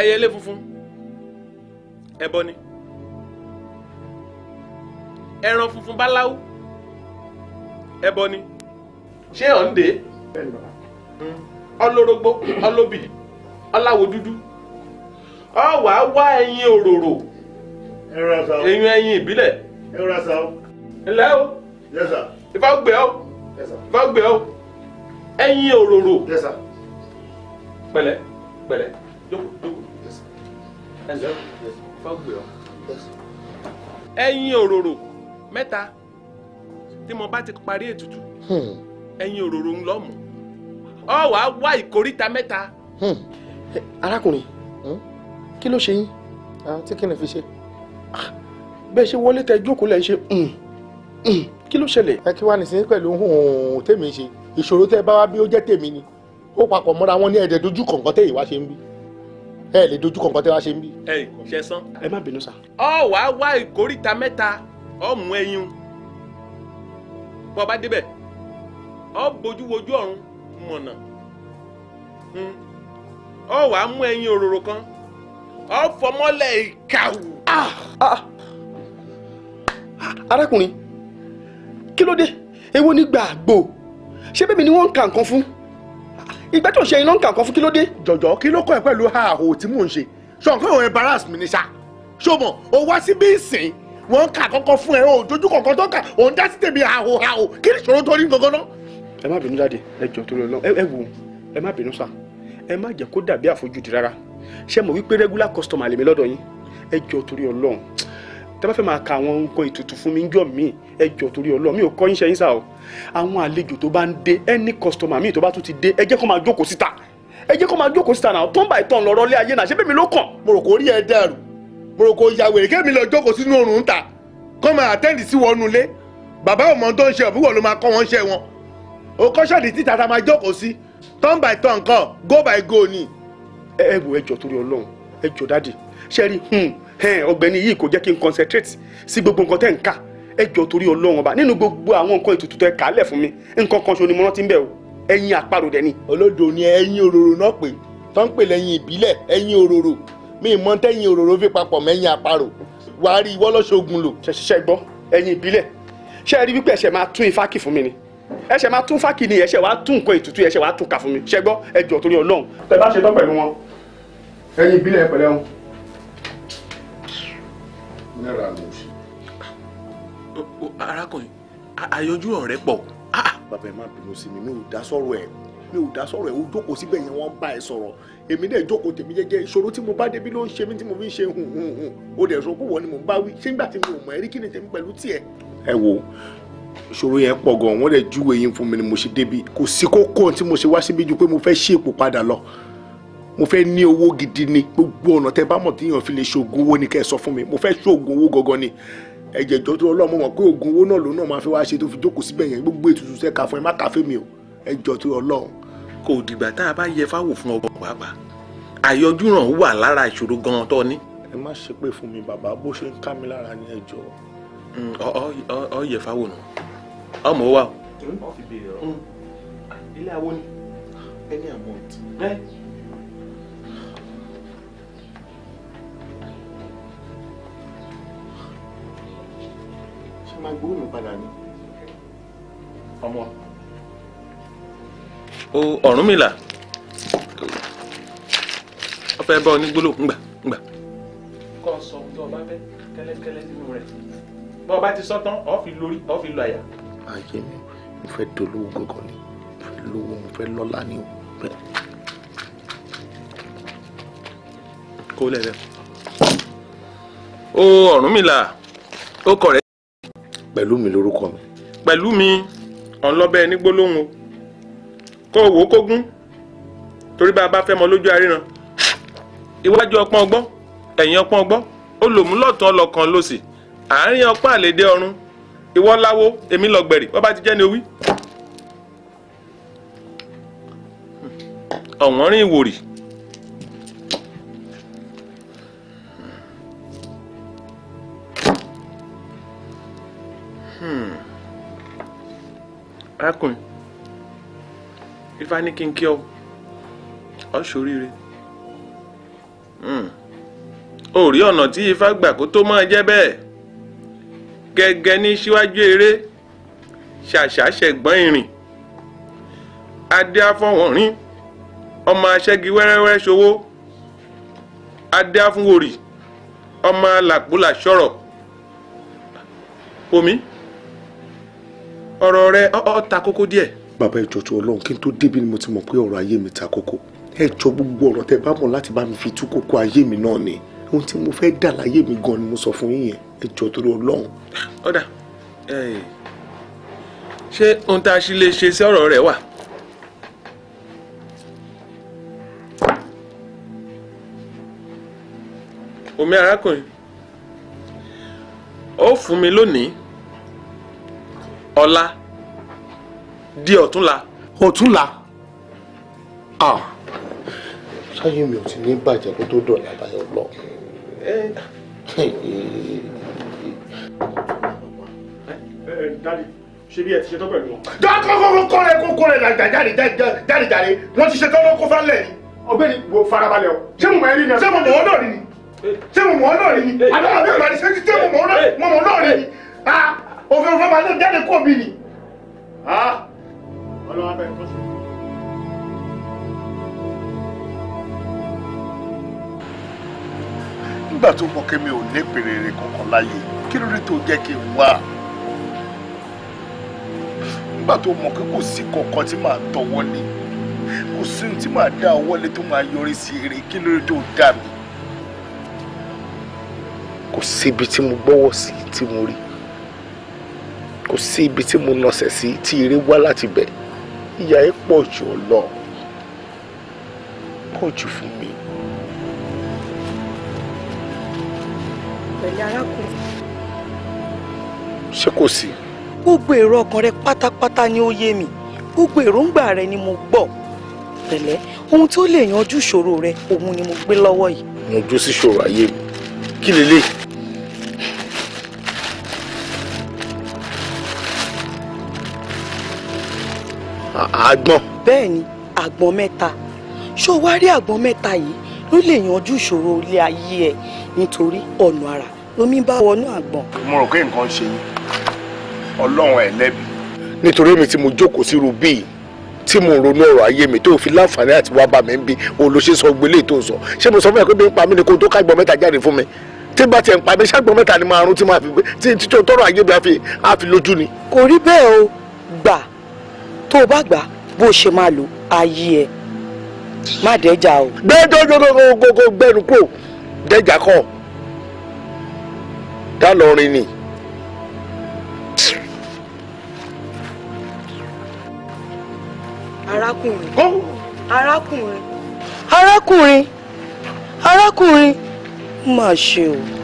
ẹyẹlé funfun ẹbọ ni ẹran funfun báláwú ẹbọ ni ṣé ọ̀ǹde ọlọ́rọ́gbó ọlọ́bì ọláwọ̀ dúdú ọ wà á wá ẹyin òróró ẹyin ẹyin ìbílẹ̀ ńlẹ́ o ìfà gbẹ o ìfà gbẹ o ẹyin òróró pẹ̀lẹ́ pẹ̀lẹ́ jókòó jókòó ẹ ǹlẹ́ ẹyin òróró mẹ́ta tí mo bá ti parí ètùtù hmm. ẹ̀yin òróró ń lọ́mù ọ wàá wá ìkóríta mẹ́ta. Hmm. arákùnrin hmm? kí ló ṣe yín ah, tí kí ni fi ṣe ah, bẹ́ẹ̀ ṣe wọlé tẹ jókòó lẹ́ ṣe kí ló ṣẹlẹ̀. ẹ kí wàá nísìnyí pẹ̀lú tèmi ṣe ìṣòro tẹ bá wá bí ó jẹ́ tèmi ni ó papọ̀ mọ́ra wọn ní ẹ̀ẹ́dẹ̀ dojú kọ̀ǹkan tẹ̀yìn wá ṣe ń bí ẹ lè dojú kọ̀ǹkan tẹ̀yìn wá ṣe ń bí. ẹ ṣe sán. ẹ má bínú sá. ọ wàá wá ìkóríta mẹ́ta ọ mú ẹyin bọ́ bá débẹ̀ ọ bójú wojú ọ̀run mọ̀nà hmm. ọ wàá mú ẹyin òróró kan ọ fọmọ́lẹ̀ ìkàwù. Ah, ah. arákùnrin kí ló dé èwo ni gbà gbò ṣé bẹ́ẹ̀ mi ni wọ́n ń ka nǹkan fún ìgbà tó ń ṣe iná ń ka nǹkan fún kí ló dé. jọ̀jọ̀ kí ló kọ́ ẹ pẹ̀lú àhò tí mò ń ṣe ṣọ̀nkọ́ ò embarrass mi ni ṣọmọ o wá síbí ìsìn wọ́n kà kọ́kọ́ fún ẹ o dojú kọ̀ọ̀kan tó kà òun dá sí tèmi àhò àhò kí ni ìṣòro tó ní gangan náà. ẹ má bínú dáàdi ẹ jọ tó lọ ẹ wò ẹ má bínú sà ẹ má jẹ́ kó dàbí àfojúdi rárá ṣé mo wípé regular customer lèmi lọ́dọ̀ yín ẹ jọ torí Ọlọ́run tẹ bá fẹ́ máa ka àwọn nǹkan ètùtù fún mi jọ mí ẹ jọ torí Ọlọ́run mi ò kọ́ yín ṣe yín sá o àwọn àlejò tó bá ń dé any customer mi tó bá tún ti dé ẹ jẹ́ kó máa jókòó síta ẹ jẹ́ kó máa jókòó síta náà tọ́ńbà ìtàn lọ́rọ́ lé ayé náà ṣé bẹ́ẹ̀ mi ló kàn. mo rò kó rí ẹ dẹrù boroko ya wèrè kémi lọ jókòó sínú oòrùn ń ta kọ́ máa àtẹ́ǹdì sí wọnú ilé bàbá ọmọ tó ń ṣe òbúwọ̀ ló máa kọ́ wọn ṣe wọn o kọ́ ṣáàdì títa ta máa jókòó sí turn by turn kan go by go ni. ẹ ẹ wo ẹjọ torí Ọlọ́run ẹjọ dáàdì ṣẹrí hmm, ọ̀gbẹ́ni yìí kò jẹ́ kí n concentrate sí gbogbo nǹkan tẹ́ ń kà ẹjọ torí Ọlọ́run ọba nínú gbogbo àwọn nǹkan ètùtù tẹ́ kàálẹ̀ fún mi nǹkan kan ṣo ni ń bẹ o ẹyin àparò dẹ ni. olódo ẹyin òróró náà pè tó ń pè lẹ́yìn ìbílẹ̀ ẹyin òróró mi mọ tẹ́yìn òróró fi papọ̀ mẹ́yìn àparò wàá rí ìwọ lọ́ṣọ́gun lò. ṣẹṣẹ gbọ́ ẹ̀yin ìbílẹ̀ ṣe rí wípé ẹ̀ṣẹ̀ máa tún ifá kì fún mi ni ẹ̀ṣẹ̀ máa tún fákì ni ẹ̀ṣẹ̀ wàá tún nǹkan ètùtù ẹ̀ṣẹ̀ wàá tún kà fún mi ṣẹ gbọ́ ẹjọ́ torí Ọlọ́run. tẹ bá ṣe tán pẹ̀lú wọn ẹ̀yin ìbílẹ̀ pẹ̀lẹ́ wọn. náírà ló ṣe. arákùnrin àyọjú ọ̀rẹ́ pọ̀. Ah, bàbá ẹ má bínú sí mi mi ò dá sọ̀rọ̀ ẹ̀ mi ò dá sọ̀rọ̀ ẹ̀ o jókòó síbẹ̀ yẹn wọ́n bá ẹ sọ̀rọ̀ èmi dẹ̀ jókòó tèmi jẹ́jẹ́ ìṣòro tí mo bá débi ló ń ṣe mí tí mo fi ń ṣe hùn hùn hùn o dẹ̀ sọ pé wọ́n ni mò ń bá wí ṣé nígbà tí mi ò mọ̀ ẹ́ rí kí ni tèmi pẹ̀lú tiẹ̀. ẹ wo ìṣòro yẹn pọ̀ gan wọ́n dẹ̀ júwe yín fún mi ni mo ṣe débi kò sí kókó tí mo ṣe wá síbi ju pé mo fẹ́ ṣe èpò padà lọ mo fẹ́ ní owó gidi ni gbogbo ọ̀nà tẹ bá mọ̀ tí èèyàn fi lè ṣoògùn owó ni kẹ́ ẹ sọ fún mi mo fẹ́ ṣoògùn owó gangan ni ẹ̀jẹ̀ ìjọ́jú ọlọ́mọ mọ̀ pé oògùn owó náà lòun náà máa fi wá ṣe tó fi jókòó síbẹ̀ yẹn gbogbo ètùtù sẹ́ka fún ẹ má kàfé mi o ẹ̀jọ̀ ọlọ́run kò dìgbà tá a bá yẹ fáwò fún ọgbọ́n pàápàá àyọjú ràn wà lára ìṣòro gan-an tó ní. ẹ má ṣépè fún mi bàbá bó ṣe ń ká mi lára ni ẹ mm, ọ yẹ fáwò nù ọmọ wa o. Mm. ilé awo ni ẹni àmọ́ ẹ. ṣé máa gbóhùn padà ni. ọmọ o Ọ̀rúnmìlà ó fẹ́ bá onígbóló ńgbà ńgbà. kọ́ sọ bí ọba fẹ́ kẹ́lẹ́kẹ́lẹ́ nínú rẹ̀ bí ọba ti sọ tán ọ́ fi lórí ọ́ fi lo àyà. ayé mi mo fẹ́ dolówó gbọ̀ngàn ni mo fẹ́ lówó mo fẹ́ lọ́lá ni o. kó lẹ́lẹ́ o Ọ̀rúnmìlà ó kọ̀ rẹ́. pẹ̀lú mi lórúkọ mi. pẹ̀lú mi ọ̀nlọ́bẹ nígbólóhùn o kó wò ó kógún torí bá a bá fẹ́ mọ lójú aríran iwájú ọpọ́n ọgbọ́n ẹ̀yìn ọpọ́n ọgbọ́n olùmúlọ̀tún ọlọ́kan lòsì àárín ọpọ́n àlèdè ọrùn ìwọ láwo èmi lọ́gbẹ̀rì wọ́n bá ti jẹ́ ni owí. ọ̀wọ́n rìn ìwòrì. Hmm. arákùnrin ifá ní kí n kí ọ ọ ṣoríire ó hmm. rí ọ̀nà tí ifá gbà kó tó máa jẹ́ bẹ́ẹ̀ gẹ́gẹ́ ní síwájú eré ṣàṣà ṣẹ̀gbọ́n ìrìn adé afọwọ́rin ọmọ aṣẹ́gi wẹ́rẹ́wẹ́rẹ́ ṣòwò adé afúnworì ọmọ alàpùlà ṣọ̀rọ̀ omi ọ̀rọ̀ rẹ ó ta kókó díẹ̀ bàbá ẹ jọ̀ọ́ tó ọlọ́run kí n tó débi ni mo ti mọ̀ pé ọ̀rọ̀ ayé mi ta kókó ẹ gbogbo ọ̀rọ̀ tẹ bá mọ̀ láti bá mi fi tú kókó ayé mi náà ni ohun tí mo fẹ́ dà láyé mi gan ni mo sọ fún yín yẹn ẹ jọ̀ọ́ torí ọlọ́run. ọ̀dà ṣé ohun tá a ṣe lè ṣe sí ọ̀rọ̀ rẹ̀ wà. omi arákùnrin ó fún mi lónìí ọ̀la di ọ̀túnla. ọ̀túnla sáyé mi ò ti ní bàjẹ́ kó tó dọ̀la báyọ̀ lọ. ṣe bí ẹ ti ṣe tán pẹ̀lú wọn. dákọ̀ kọ́kọ́ kó kọ́rẹ́ làjà jáde jáde jáde wọ́n ti ṣe tán lọ́kọ́ fálẹ̀ ni. ọ̀gbẹ́ni wo farabalẹ̀ o ṣé mo mọ̀ ẹ́ rí ni ṣé mo mọ̀ ọ́ náà rí ni ṣé mo mọ̀ ọ́ náà rí ni àbẹ̀wò mi ò bá rí ṣé mo mọ̀ ọ́ náà rí ni òfin òfin máa ń jáde kó mi ni ọlọ́wọ́ bẹ́ẹ̀ tó ṣe. nígbà tó mọ̀ kémi ò ní pèrèrè kankan láyé kí ló dé tó jẹ́ kí n wá nígbà tó mọ̀ pé kò sí kankan tí màá tọwọ́ lé kò sí tí màá dá ọwọ́ tó máa yọrí sí eré kí ló dé tó dá mi kò sí ibi tí mo gbọ́wọ́ sí tí mo rí kò sí ibi tí mo nọsẹ̀ sí tí eré wá láti bẹ̀rẹ̀ ìyà ẹ pọ̀ jù ọ lọ pọ̀ jù fún mi. pẹ̀lú arákùnrin. ṣé kò sí. gbogbo èrò ọkàn rẹ pátápátá ni ó yé mi gbogbo èròǹgbà rẹ ni mo gbọ́ pẹ̀lẹ́ ohun tó lè yanjú ìṣòro rẹ òun ni mo gbé lọ́wọ́ yìí. yanjú sí ìṣòro ayé mi kí lélẹ́yìí àgbọn. bẹ́ẹ̀ni àgbọn mẹ́ta ṣó wá rí àgbọn mẹ́ta yìí ló lè yanjú ìṣòro ilé ayé ẹ nítorí ọ̀nà àrà lomi bá wọnú àgbọn. mo rò pé nǹkan ṣe yín ọlọ́run ẹ̀ lẹ́bi. nítorí èmi tí mo jókòó sí rubí tí mo ronú ọ̀rọ̀ ayé mi tó fi láǹfààní àti wá bá mi ń bi olóṣè sọ gbélé tó sọ ṣé mo sọ fún ẹ pé bí n pa mí ni kó tó ká àgbọn mẹ́ta jáde fún mi tí bá tiẹ̀ ń pa mí ṣàgbọ́n mẹ́ta ni màá rún tí màá fi tí títọ́ tọrọ ayé mi á lójú ni. kò rí bẹ́ẹ̀ o gbà tó o bá gbà bó o ṣe máa lò ayé ẹ má dẹ́jà o. gbẹ́dọ́gbẹ́gbẹ́gbẹ́ gbẹ́nu kúrò dẹ́jà kọ́ dá lọ́rin ni. arákùnrin arákùnrin arákùnrin arákùnrin má ṣe o.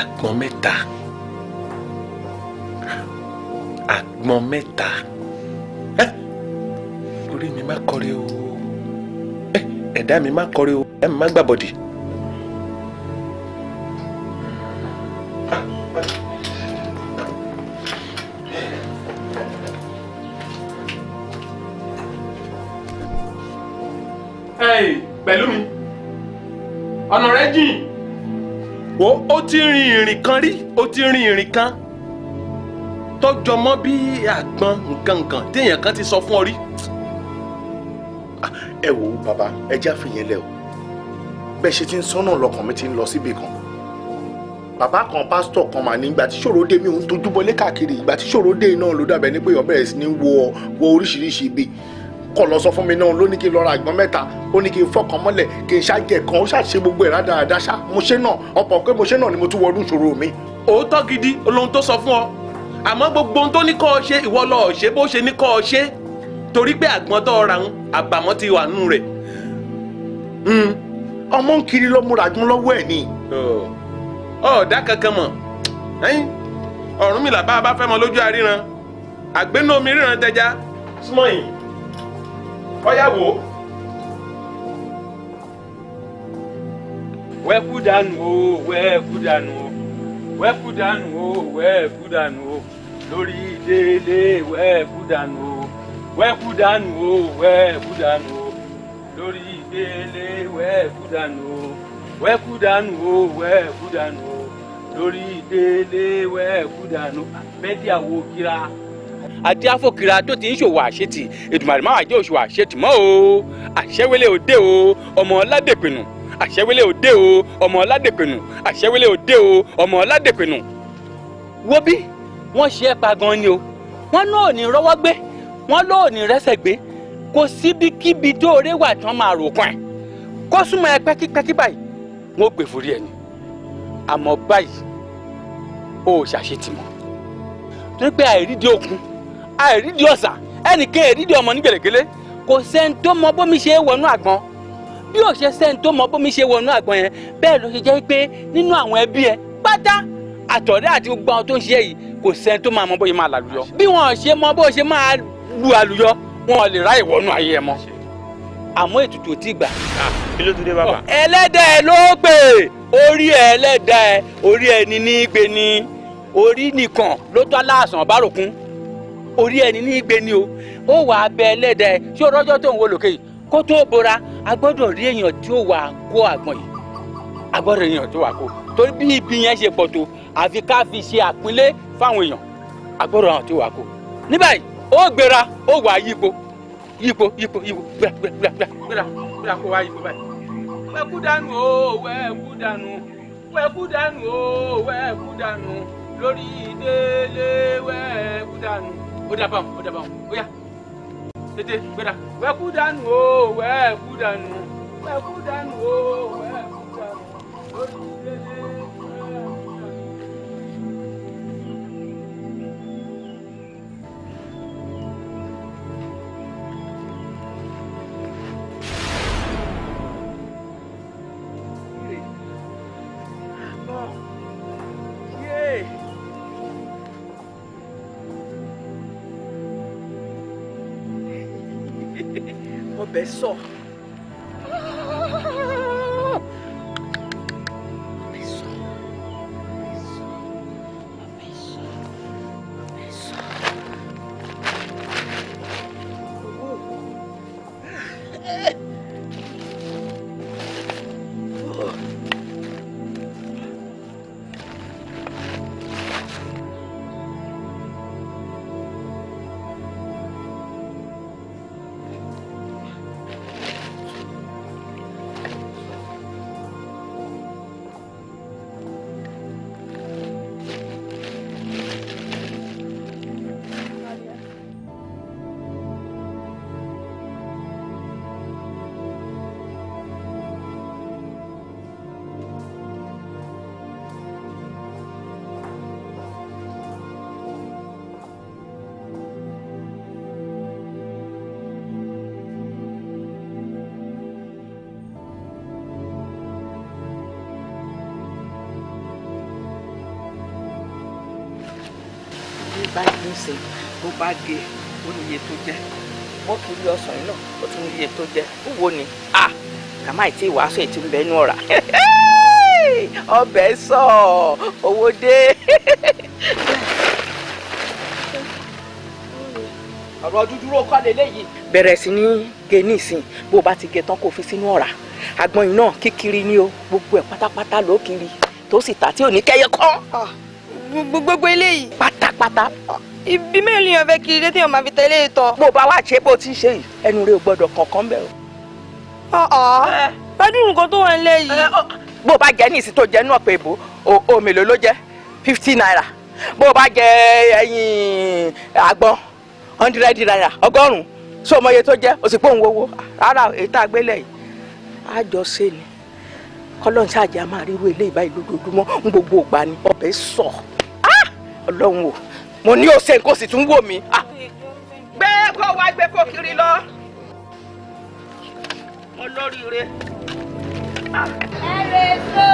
àgbọn mẹ́ta àgbọn mẹ́ta orí mi má kọrí o ẹ̀dá mi má kọrí o ẹ̀dá mi má gbàbọ̀dì. Hey, pẹ̀lú mi ọ̀nà rẹ jìn wo ó ti rin ìrìn kan rí ó ti rin ìrìn kan tọjọ mọ bí àgbọn nǹkan nǹkan téèyàn kan ti sọ fún ọ rí ẹ wò ó bàbá ẹ já fìyẹn lẹ o bẹ́ẹ̀ ṣe ti ń sọ́nà lọ́kàn mi ti ń lọ síbi kan bàbá kan pásítọ̀ kan mà ní ìgbà tí ṣòro dé mi òun tó dúbọlé káàkiri ìgbà tí ṣòro dé iná ló dàbẹ̀ ní pé ọ̀bẹ̀rẹ̀ sí ní wo oríṣiríṣi ibi kọ̀ lọ sọ fún mi náà ló ní kí n lọ ra àgbọn mẹ́ta ó ní kí n fọkàn mọ́lẹ̀ kí n ṣàjẹ̀ kan ó ṣàṣe gbogbo ẹ̀ rádaràda ṣá mo ṣe náà ọ̀pọ̀ pé mo ṣe náà ni mo tún wọnú ìṣòro mi. òótọ́ gidi olóhun tó sọ fún ọ àmọ́ gbogbo ohun tó ní kọ́ ọ ṣe ìwọ lọ ọ ṣe bó ṣe ní kọ́ ọ ṣe torí pé àgbọn tó ra ń àbàmọ́ ti wà nù rẹ̀. Hmm. ọmọ ń kiri ló múra jún lọ́wọ́ ẹ̀ ni. ọ̀ọ́dà kankan mọ̀ Ọ̀rúnmìlà bá a bá fẹ́ mọ lójú àríran àgbénú omi ríran tẹja súnmọ́ yìí ọyàwó wẹ́ẹ̀kú dànù o wẹ́ẹ̀kú dànù o wẹ́ẹ̀kú dànù o wẹ́ẹ̀kú dànù o lórí délé wẹ́ẹ̀kú dànù o wẹ́ẹ̀kú dànù o wẹ́ẹ̀kú dànù o lórí délé wẹ́ẹ̀kú dànù o wẹ́ẹ̀kú dànù o wẹ́ẹ̀kú dànù o lórí délé wẹ́ẹ̀kú dànù o bẹ́ẹ̀ dí àwo kíra adé àfọkìrà tó ti ń ṣòwò àṣetì Èdùmàrè máa jẹ́ àṣetì mọ́ o àṣẹwélé òde o ọmọ ọládèpinnu àṣẹwélé òde o ọmọ ọládèpinnu àṣẹwélé òde o ọmọ ọládèpinnu. wo bí wọ́n ṣe é pa gan ni o wọ́n náà ní rọ́wọ́ gbé wọ́n náà ní rẹ́sẹ̀ gbé kò síbikíbi tó oré wà tán máa rò kàn ẹ́ kó súnmọ́ ẹ pẹ́kípẹ́kí báyìí wọ́n gbè fúri ẹ̀ ni àmọ́ báyìí ó ṣàṣetì mọ́ torí pé àìrídìí òkun àìrídì ọ̀sà ẹnìkan ẹ̀rídì ọmọ ní gẹ̀lẹ́gẹ́lẹ́ kò sẹ́ni tó mọ bómi ṣe é wọnú àgbọn bí ò ṣe sẹ́ni tó mọ bómi ṣe wọnú àgbọn yẹn bẹ́ẹ̀ ló ṣe jẹ́ pé nínú àwọn ẹbí ẹ pátá àtọ̀rẹ́ àti gbogbo àwọn tó ń ṣiṣẹ́ yìí kò sẹ́ni tó máa mọ bóyá máa làlùyọ bí wọn ṣe mọ bó ṣe máa lu àlùyọ wọn lè ráyè wọnú ayé ẹ mọ àmọ́ ètùtù ò gbà. Ah, kí ló tún orí ẹlẹ́dàá orí ẹni ní gbé ni orí nìkan ló tọ́ orí ẹni ní igbe ni o ó wà abẹ ẹlẹ́dẹ̀ tí ó rọ́jọ́ tó ń wo lòkè yìí kó tó bora a gbọ́dọ̀ rí èèyàn tí ó wà kó àgbọ̀n yìí a gbọ́dọ̀ rí èèyàn tó wà kó torí bí ibi yẹn ṣe pọ̀ tó àfi ká fi ṣe àpínlé fáwọn èèyàn a gbọ́dọ̀ àwọn tó wà kó ní báyìí ó gbéra ó wà yípo yípo yípo yípo gbéra gbéra gbéra gbéra gbéra kó wá yípo báyìí wẹ́kú dànù o wẹ́kú dànù wẹ́kú dànù o wẹ́kú dànù lórí délé wẹ́kú dànù ó dábàá ó dábàá ó yá tètè gbéra wẹ́kú dànù o wẹ́ẹ̀kú dànù wẹ́ẹ̀kú dànù o wẹ́ẹ̀kú dànù o. sọ. báyìí ló ṣe tó bá gé ó ní iye tó jẹ́ ó tún rí ọsàn yìí náà ó tún rí iye tó jẹ́ ó wo ni a kàmá ìtí ìwàásù ètí ń bẹnu ọ̀rà [laughs] ọbẹ̀ sọ owó dé. [laughs] ọ̀rọ̀ dúdúró kọ́ lélẹ́yìí. bẹ̀rẹ̀ sí ní gé nísìn bó bá ti gé tán kó fi sínú ọ̀rá agbọ̀n yìí náà kíkiri ni o gbogbo ẹ̀ pátápátá ló kiri tó sì tà tí ò ní kẹ́yẹ kán. Ah, gbogbo eléyìí. pátá pátápátá ibi mélòó yẹn fẹ́ kiri létí yẹn máa fi tẹ́lẹ̀ tọ. bó o bá wá ṣe bó o ti ṣe yìí ẹnu rẹ ò gbọdọ̀ kọ̀ọ̀kan bẹ̀ o. ọ̀ọ́ pẹ́ẹ́dù nǹkan tó wà ń lé yìí. bó o bá jẹ ní ìsìn tó jẹ náà pé èbó òmèlò ló jẹ fifty naira bó o bá jẹ ẹyin àgbọn hundred naira ọgọ́rùn-ún so ọmọ iye tó jẹ o sì pé òun wowó rárá èyí tá a gbélé yìí á jọ ṣe ni kọ́lọ́ọ̀ṣáàjì á máa ríru eléyìí báyìí lójoojúmọ́ ń gbogbo ògbà ni ọbẹ̀ sọ̀. So. Ọlọ́run o mo ní òsè kó sì tún wò mí. Ah. gbé kó wá gbé kó kiri lọ olóríire. Ah. ẹ lè so.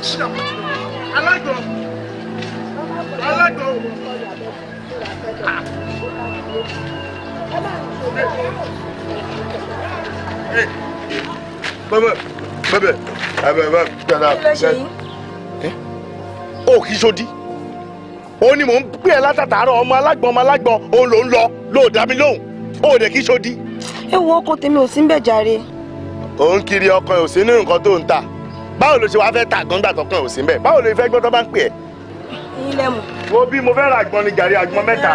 alájọ alájọ bẹbẹ bẹbẹ bẹbẹ bẹbẹ dada bẹbẹ o kì í sodi ó ní mò ń gbé ẹ látàtàárọ̀ ọmọ alágbọ̀n ọmọ alágbọ̀n òun ló ń lọ ló dá mi lóhùn ó dẹ̀ kì í sodi. ẹ wo ọkọ tèmi ò sí ń bẹ̀ jàre. ò ń kiri ọkọ ẹ ò sí nínú nǹkan tó ń tà báwo ló ṣe wá fẹ́ tà gọ́ńdà tọkàn ò sí mbẹ́ báwo ló fẹ́ gbọ́ tó bá ń pè ẹ́. ẹyin bí mo fẹ́ ra àgbọn ni gàrí àgbọn mẹ́ta.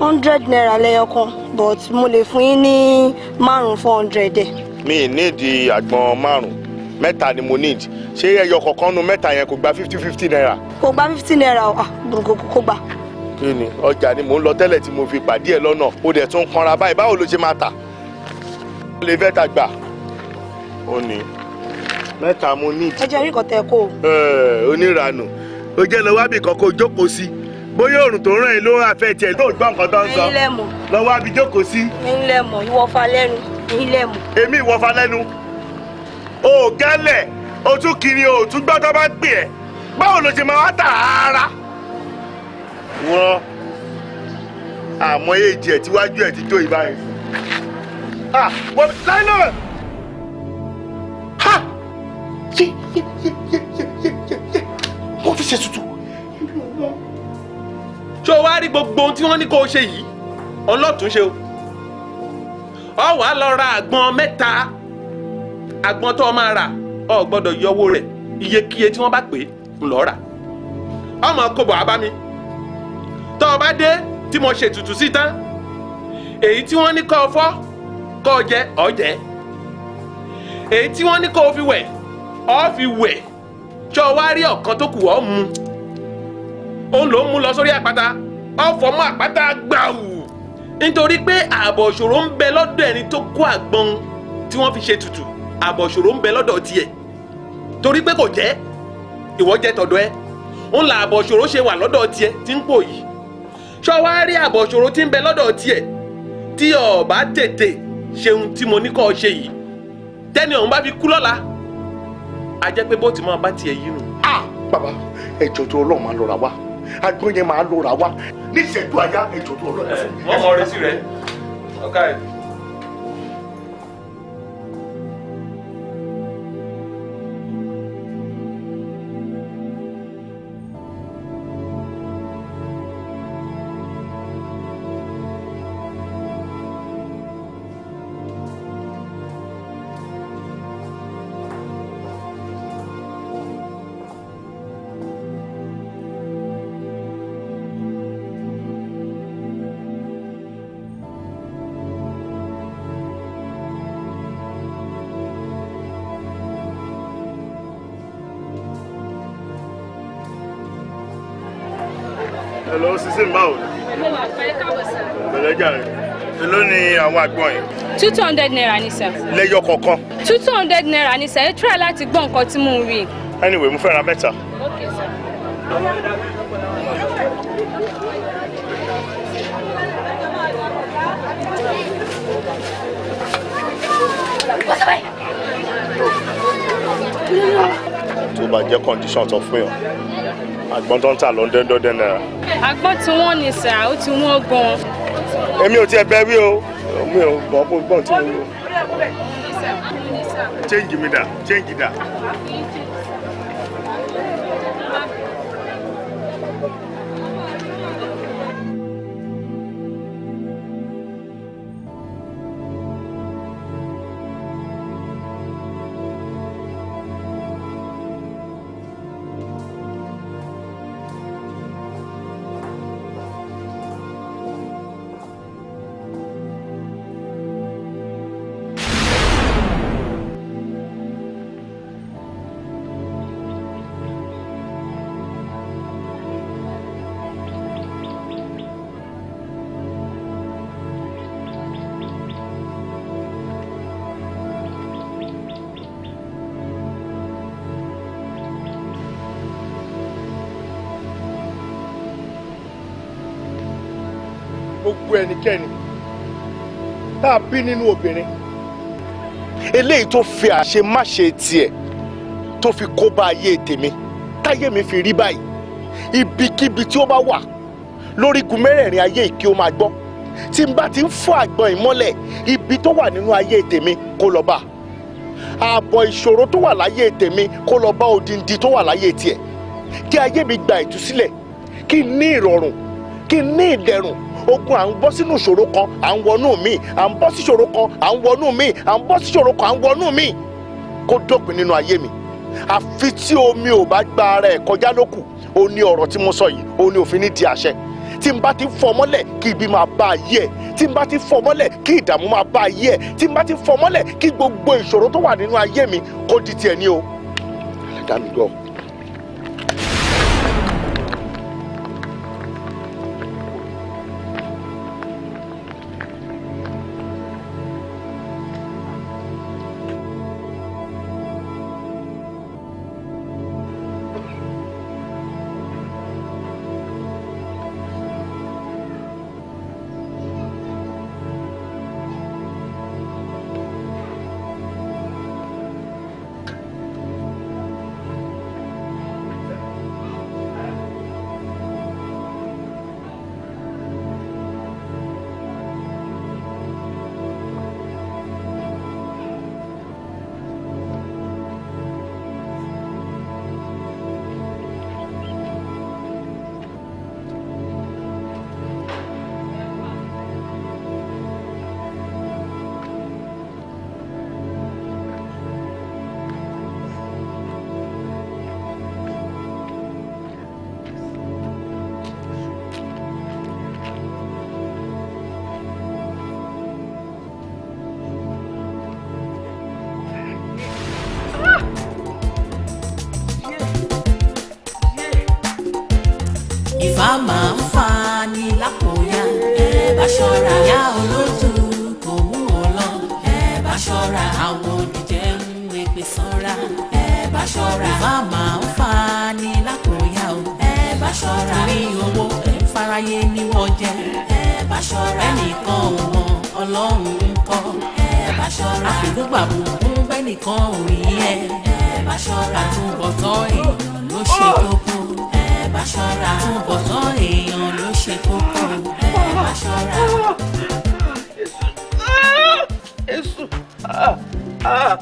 hundred naira lẹyọ kan but mo lè fún yín ní márùn four hundred ẹ. mi nídìí àgbọn márùn mẹ́ta ni mo need ṣé ẹyọ kọ̀ọ̀kan nu mẹ́ta yẹn kò gba fifty fifty naira. kò gba fifty naira o ah, kò gbà. kí ni ọjà ni mò ń lọ tẹ́lẹ̀ tí mo fi pàdé ẹ lọ́nà o dẹ̀ tún kanra báyìí báwo ló ṣe máa tà. ó lè fẹ́ ta gbà ó ní mẹ́ta mo ní ìdí. ẹ jẹ́ rí nǹkan tẹ kó o. Eh, oníranù o jẹ́ lọ wábì kan kó o jókòó sí bóyá òrùn tó ràn yín ló àfẹ́ tiẹ̀ tó gbọ́ nǹkan tó ń sọ lọ wábì jókòó sí. ẹ̀yin lẹ mọ̀ ìwọ̀fà lẹ́nu ẹ̀yin lẹ mọ̀. èmi ìwọ̀fà lẹ́nu o gẹ́lẹ̀ o tún kiri o tún gbọ́ tó bá gbé ẹ̀ báwo ló ṣe máa wá tààrà. wọ́n àmọ́ èjì ẹ̀ tíwájú ẹ̀ ti jó ìbáyìí. ah wọ́n láìlọ́ọ̀ yé yé yé yé yé yé yé yé wọ́n fi ṣe tutù. ṣé o wá rí gbogbo ohun tí wọ́n ní kó o ṣe yìí ọlọ́tún ṣe o ọ wàá lọ ra àgbọn mẹ́ta àgbọn tó o máa rà ọ gbọ́dọ̀ yọ owó rẹ̀ iyekíye tí wọ́n bá pè é ńlọ rà ọmọ kòbọ̀ abámi tọ́ ọ bá dé tí mo ṣètùtù sí tán èyí tí wọ́n ní kó o fọ́ kó o jẹ ọ jẹ èyí tí wọ́n ní kó o fi wẹ̀ ọ fi wẹ̀ ṣọ wá rí ọ̀kan tó kù ọ́ mu òun ló ń mú lọ sórí àpáta ọ fọmọ àpáta gbàù nítorí pé ààbọ̀ ìṣòro ń bẹ lọ́dọ̀ ẹni tó kó àgbọn tí wọ́n fi ṣe tutù ààbọ̀ ìṣòro ń bẹ lọ́dọ̀ tiẹ̀ torí pé kò jẹ́ ìwọ jẹ́ tọ̀dọ̀ ẹ ń la ààbọ̀ ìṣòro ṣe wà lọ́dọ̀ tiẹ̀ tí ń pò yìí ṣọ wá rí ààbọ̀ ìṣòro tí ń bẹ lọ́dọ̀ tiẹ̀ tí o bá tètè ṣeun tí mo ní kó ṣe yìí tẹ́ni ọ̀hún bá fi kú lọ́la a jẹ́ pé bóòtù máa bá tiẹ̀ yín nù. a bàbá ẹjọ tó Ọlọ́run máa lọra wa agbọn yẹn máa lọra wa níṣẹ́jú àyà ẹjọ tó Ọlọ́run. wọn mọ rẹ ọkà yìí. ẹ káàbọ̀ sir. pẹ̀lẹ́ èló ni àwọn àgbọn yìí. two hundred naira ni sir. lẹ́yọ kọ̀ọ̀kan. two hundred naira ni sir ẹ try láti gbọ́ nǹkan tí mò ń rí. anyway mo fẹ́ ra mẹ́ta. okay sir. tó bá jẹ́ condition tó fún yàn àgbọn tó ń tà náírà àgbọn tí wọ́n ní sà ó ti wọ́n gan. èmi ò tiẹ̀ bẹ́ẹ̀ rí o mi ò bọ́ gbọ́n tí mo ń lò. change mi da. change dà. tá a bí nínú obìnrin eléyìí tó fi àṣemáṣe tiẹ̀ tó fi kó bá ayé tèmi táyé mi fi rí báyìí ibikíbi tí ó bá wà lórígun mẹ́rẹ̀ẹ̀rin ayé yìí kí ó máa gbọ́ tí n bá ti ń fọ́ àgbọn ìmọ́lẹ̀ ibi tó wà nínú ayé tèmi kó lọ bá ààbọ̀ ìṣòro tó wà láyé tèmi kó lọ bá odindi tó wà láyé tiẹ̀ kí ayé mi gba ìtúsílẹ̀ kí n ní ìrọ̀rùn kí n ní ìdẹ̀rùn ogun à ń bọ́ sínú ìṣòro kan à ń wọnú mi à ń bọ́ sí ìṣòro kan à ń wọnú mi à ń bọ́ sí ìṣòro kan à ń wọnú mi kó dópin nínú ayé mi àfi tí omi ò bá gba ara ẹ̀ kọjá lókù ó ní ọ̀rọ̀ tí mo sọ yìí ó ní òfin ní di àṣẹ tí n bá ti fọ mọ́lẹ̀ kí ibi máa bá ayé ẹ̀ tí n bá ti fọ mọ́lẹ̀ kí ìdààmú máa bá ayé ẹ̀ tí n bá ti fọ mọ́lẹ̀ kí gbogbo ìṣòro tó wà nínú ayé mi kó di tiẹ̀ ní o. alẹ́ dá gbọ́. bá ṣọ́ra yá olóòtú kò mú ọ lọ ẹ bá ṣọ́ra àwọn olùjẹ́ ń wẹ̀pẹ̀ sanra ẹ bá ṣọ́ra ìfá máa ń fa ni lákòóyá o ẹ bá ṣọ́ra torí owó ẹ ń farayé ni wọ́n jẹ ẹ bá ṣọ́ra ẹnìkan ò mọ ọlọ́run ń kọ́ àtúbọ̀tán èèyàn ló ṣe kókó wàá Jesus! Ah! Ah!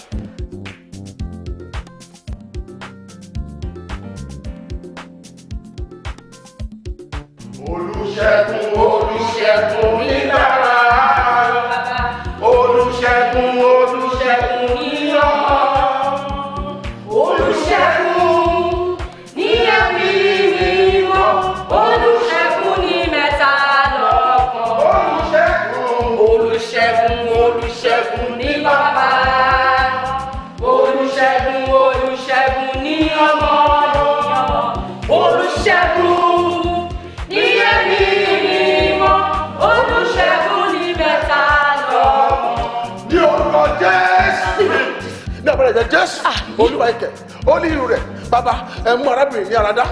ẹ̀jẹ̀ jésù ah. olúwa ìkẹ́ ó ní irú rẹ̀ bàbá ẹ mú arábìnrin ní aradá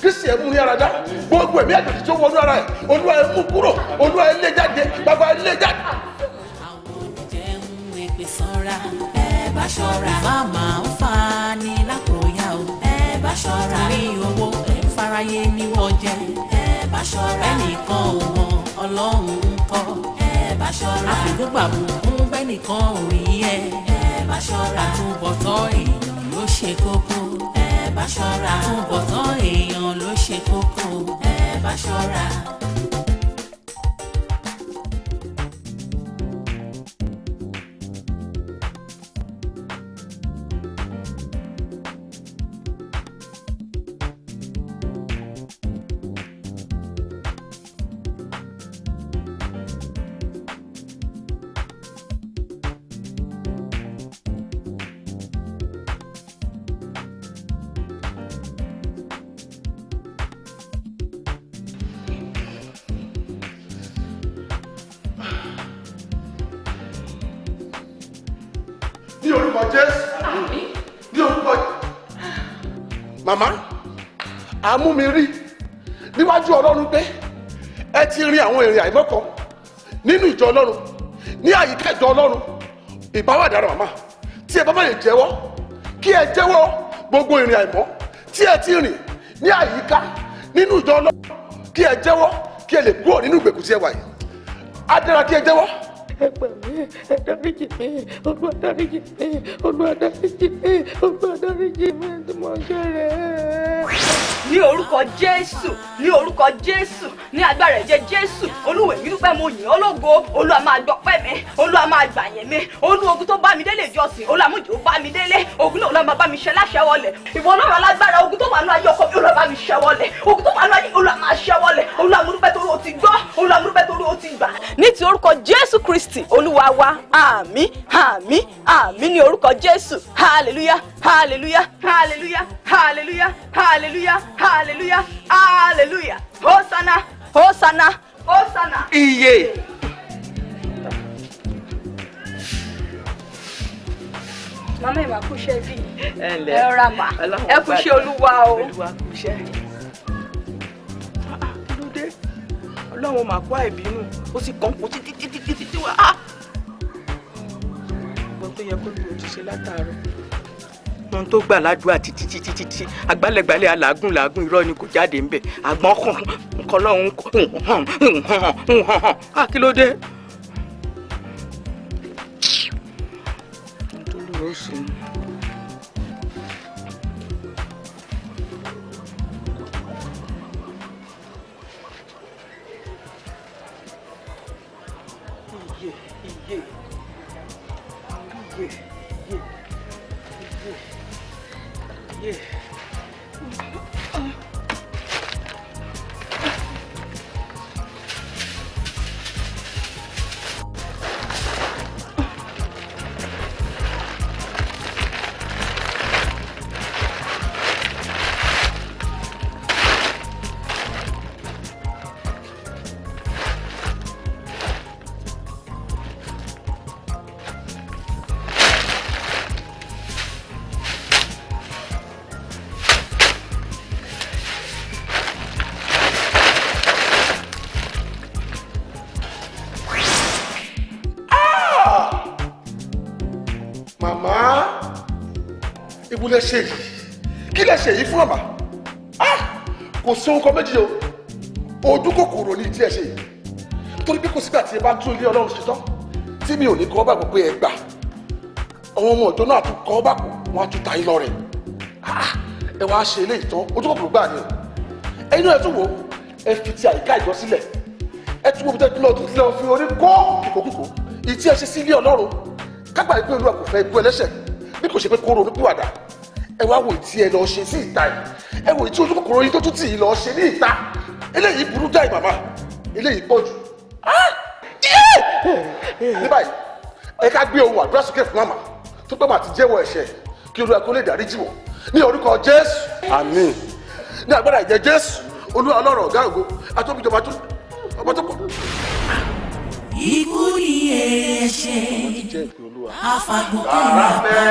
kristi ẹ mú ní aradá gbogbo ẹ̀mí àjòjì tó wọnú ara ẹ̀ olúwa ẹ kúrò olúwa ẹ jáde bàbá ẹ jáde. bá ṣọ́ra màmá ń fa ni lákòóyá o ẹ bá ṣọ́ra rí owó ẹ fáráyé níwọ̀ jẹ ẹ bá ṣọ́ra ẹnìkan ò mọ ọlọ́run ń kọ́ ẹ bá ṣọ́ra àfikún gbàgbọ́ ń bẹ́nìkan ò rí ẹ bá ṣọ́ra àtúbọ̀tán èèyàn ló ṣe kókó ẹ bá ṣọ́ra àtúbọ̀tán èèyàn ló ṣe kókó ẹ bá ṣọ́ra. orúkọ Jésù ní orúkọ màmá àmúmirí níwájú Ọlọ́run pé ẹ ti rin àwọn èrè àìmọ́kan nínú ìjọ Ọlọ́run ní àyíká ìjọ Ọlọ́run ìbáwádàrà màmá tí ẹ bá bá lè jẹ́wọ́ kí ẹ jẹ́wọ́ gbogbo ìrìn àìmọ́ tí ẹ ti rìn ní àyíká nínú ìjọ Ọlọ́run kí ẹ jẹ́wọ́ kí ẹ lè kúrò nínú ìgbèkùn tí ẹ wà yìí á dára kí ẹ jẹ́wọ́ ẹgbẹ́ mi ẹ̀dáríjì mi olúwa dáríjì mi olúwa dáríjì mi olúwa dáríjì mi tí mo ṣe rẹ̀. ní orúkọ jésù ní orúkọ jésù ní agbára ẹ̀jẹ̀ jésù olúwẹ̀ mi dúpẹ́ mo yìn ọ́ lógo olúwa máa mi olúwa máa gbà yẹn mi olú ogun tó bá mi délé ìjọsìn olùwàmújò bá mi délé ogun náà olùwàmà bá mi ṣe láṣẹwọlẹ ìwọ náà alágbára ogun tó wà nínú ayé ọkọ mi olùwà bá mi ṣẹwọlẹ ogun tó wà nínú ayé olùwà máa ṣẹwọlẹ olùwàmúrúbẹ torí o ti gbọ́ olùwàmúrúbẹ torí o ti gbà. ní ti orúkọ jésù kristi olúwa wa àmín àmín àmín ní orúkọ jésù hallelujah hallelujah hallelujah hallelujah hallelujah hallelujah hallelujah hosanna hosanna hosanna. iye. Yeah. mama ìmọ̀ kúṣẹ́ bí ẹ ọ̀rá mà ẹ kúṣẹ́ olúwa o. Ah, lóde ọlọ́run mà kó àìbínú ó sì kàn kó títí títí títí tí wà á. gbọ́n tó yẹ kó lu òtúnṣe látàárọ̀ wọn tó gbà ládùúgbà títí títí títí agbálẹ̀gbálẹ̀ alágùn làágùn irọ́ ni kò jáde ńbẹ̀ àgbọ̀n hàn nǹkan lọ́hùn-ún hàn hàn hàn hàn hàn ah, hàn kí ló dé. trouxe lè ṣe yìí kí lè ṣe yìí fún àmà kò sí kan méjì o ojú kòkòrò ní tí ẹ ṣe yìí torí bí kò sígbà tí ẹ bá ń tún ilé ọlọ́run ṣe tán tí mi ò ní kọ́ bàgbọ́ pé ẹ gbà àwọn ọmọ ìjọ náà tún kọ́ bàgbọ́ wọn á tún ta ilọ rẹ̀ ẹ wàá ṣe eléyìí tán ojú kòkòrò gbà ni o ẹyin náà ẹ tún wò ẹ fi ti àyíká ìjọ sílẹ̀ ẹ tún wò bí tẹ́tí lọ́ọ̀tún sílẹ̀ òfin orí kó kíkókíkó ìtí ẹ ṣe sí ilé ọlọ́run kágbà ìpínlẹ̀ olúwa kò fẹ́ ikú ẹlẹ́ṣẹ̀ bí kò ṣe pé kó ronú ẹ wá wò tí ẹ lọ ṣe sí ìta yìí ẹ wò tí olùkòkòrò yìí tó tún tì í lọ ṣe ní ìta eléyìí burú jáì bàbá eléyìí pọ̀ jù ní báyìí ẹ ká gbé ohun àdúrà sókè fún àmà tó gbọ́mọ àti jẹ́wọ́ ẹ̀ṣẹ̀ kí olúwa kó lè dárí jì wọ́n ní orúkọ jésù àmín ní agbára ìjẹ jésù olúwa ọlọ́run ọ̀gá ògo àtòbíjọba tó ọmọ tó pọ̀ ikú ni èrè ẹ̀ṣẹ̀ afagùnkẹ́lá bá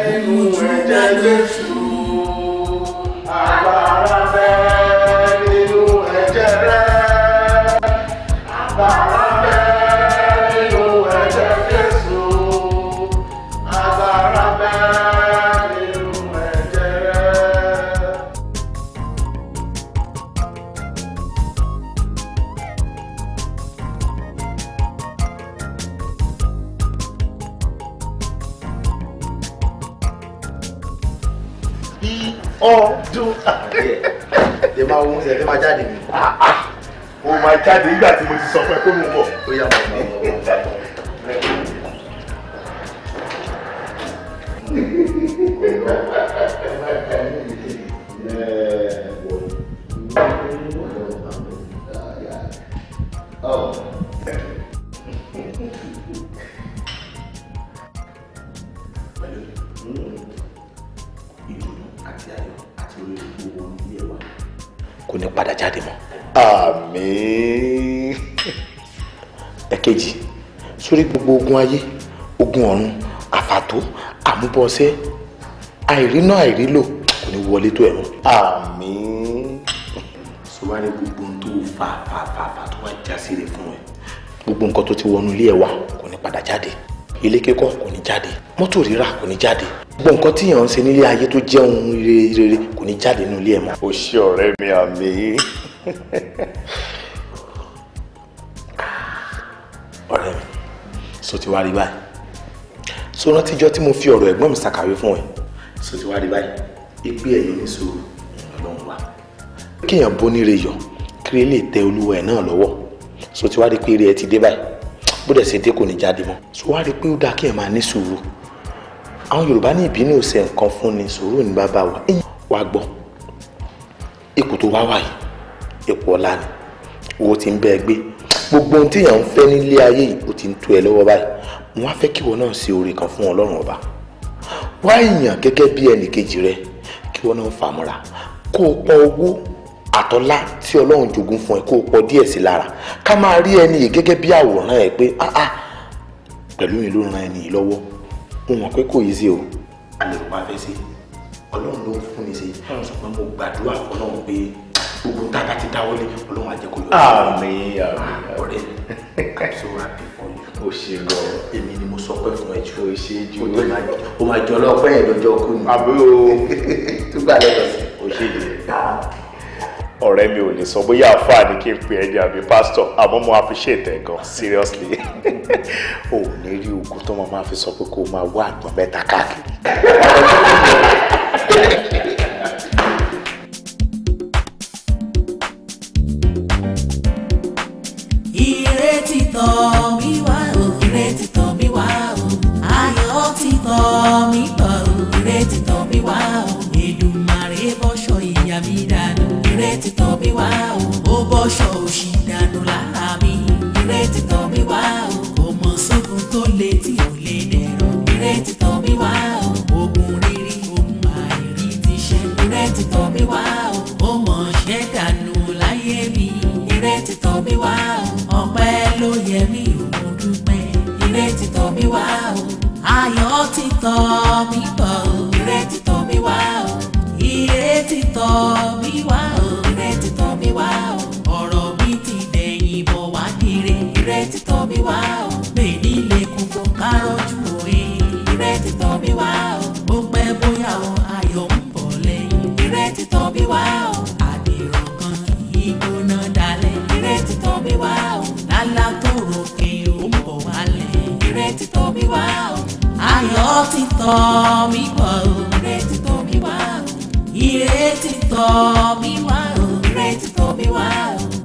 ojú ẹ̀jẹ̀ jésù ọdún. ẹ máa wọ́n ṣe ẹ máa jáde mi. o máa jáde nígbà tí mo ti sọ fún ẹ pé mo bọ̀. ó yà máa bọ̀ bọ̀ ní padà jáde mọ́. àmín ẹ̀kejì sórí gbogbo ogun ayé ogun ọ̀run àfàtó àmúbọ̀ọ́sẹ́ àìrínà àìrílò kò ní wọlé tó ẹ̀rọ. àmín sọ wá ní gbogbo ohun tó fà fà fà tó wá já sí rè fún ẹ gbogbo nǹkan tó ti wọnú ilé ẹ wá kò ní padà jáde ilé kíkọ́ kò ní jáde mọ́tò rírà kò ní jáde gbogbo nǹkan tí èèyàn ń ṣe nílé ayé tó jẹ́ ohun rere kò ní jáde nínú ilé ẹ̀ mọ́. o ṣe ọ̀rẹ́ mi àmì. [laughs] ọ̀rẹ́ mi so ti wá rí báyìí so rántíjọ́ tí mo fi ọ̀rọ̀ ẹ̀gbọ́n mi ṣàkàwé fún ẹ so ti wá rí báyìí ìgbé ẹ̀yìn ní sòrò ọlọ́run wa. kéèyàn bó ní re yọ kí lè tẹ olúwa ẹ̀ náà lọ́wọ́ so ti wá rí pé eré ẹ ti dé báyìí bó dẹ̀ ṣe dé kò ní jáde mọ́ so wá rí i pé ó dáa kí ẹ máa ní sùúrù àwọn yorùbá ní ìbínú ò ṣe nǹkan fún ni sùúrù ní bàbá wa ẹ̀yìn wá gbọ́ ipò tó wá wà yìí ipò ọ̀la ni owó ti ń bẹ́ ẹ gbé gbogbo ohun téèyàn ń fẹ́ nílé ayé yìí ó ti ń tó ẹ lọ́wọ́ báyìí mo wá fẹ́ kí ìwọ náà ṣe oore kan fún ọlọ́run ọba wá èèyàn gẹ́gẹ́ bí ẹnìkejì rẹ kí ìwọ náà fàmúra kó o pọn owó àtọ́lá tí ọlọ́run jogún fún ẹ kó o pọ̀ díẹ̀ sí lára ká máa rí ẹni yìí gẹ́gẹ́ bí àwòrán ẹ pé áá ah, ah, pẹ̀lú yìí ló ran ẹni yìí lọ́wọ́ mo mọ̀ pé kò yí sí o. a lè pa fẹ́ sí ọlọ́run ló ń fún mi sí ọlọ́run sọ pé mo gbàdúrà fọlọ́run pé gbogbo ń tàbá ti dáwọ́lé ọlọ́run àjẹkọ̀ yọ. Ah, àmín ọ̀rẹ́ [laughs] i'm so happy for you. o ṣe gan. èmi ni mo sọ pé fún ẹ jù. o ṣe jù o máa jọ ọlọ́pẹ́ yẹn lọ́jọ́ kú ni. àbúrò [laughs] tó gbà lọ́dọ̀ sí. o ṣe jù ọ̀rẹ́ mi ò lè sọ bóyá àfáà kí n pè ẹ́ ní àbí pásítọ̀ àmọ́ mo appreciate ẹ̀ gan seriously o [laughs] ò ní rí ogun tó máa fi sọ pé kó máa wá àgbọn mẹ́ta káàkiri. ìrètí tọ̀ mí wá o ìrètí ti tọ̀ mí bọ̀ o ìrètí tọ̀ mí wá mi dànù. Ireti ti tọ̀ wá o ó bọ́ṣọ òṣì dànù lára mi Ireti ti tọ̀ mí wá o kò mọ̀ sógun tó le tí ò lè dẹ̀rọ̀ ire ti tọ̀ wá o ogun rírí ohun àìrí ti ṣe Ireti ti tọ̀ wá o ó mọ̀ ṣẹ́ dànù láyé mi Ireti ti tọ̀ wá o ọpẹ́ ló yẹ mí òun dúpẹ́ ire ti tọ̀ wá o ayọ̀ ti tọ̀ mí bọ̀ ire ti tọ̀ wá o iye ti tọ̀ mí wá o mi wá o ọ̀rọ̀ mi ti dẹ̀yìn bọ̀ wá kiri ire ti tọ́ mi wá o bèbí lè kú fún kárọ́jú òye ire ti tọ́ mi wá o ó pẹ́ bóyá o ayọ̀ ń bọ̀ lẹ́yìn ire ti tọ́ mi wá o àdìrọ̀ kan kì í gbóná dalẹ̀ ire ti tọ́ mi wá o lálá tó ròkè ó ń bọ̀ wálẹ̀ ire ti tọ́ mi wá o ayọ̀ ti tọ́ mi bọ̀ o ire ti tọ́ mi wá o ire ti tọ́ mi wá o. great for me while.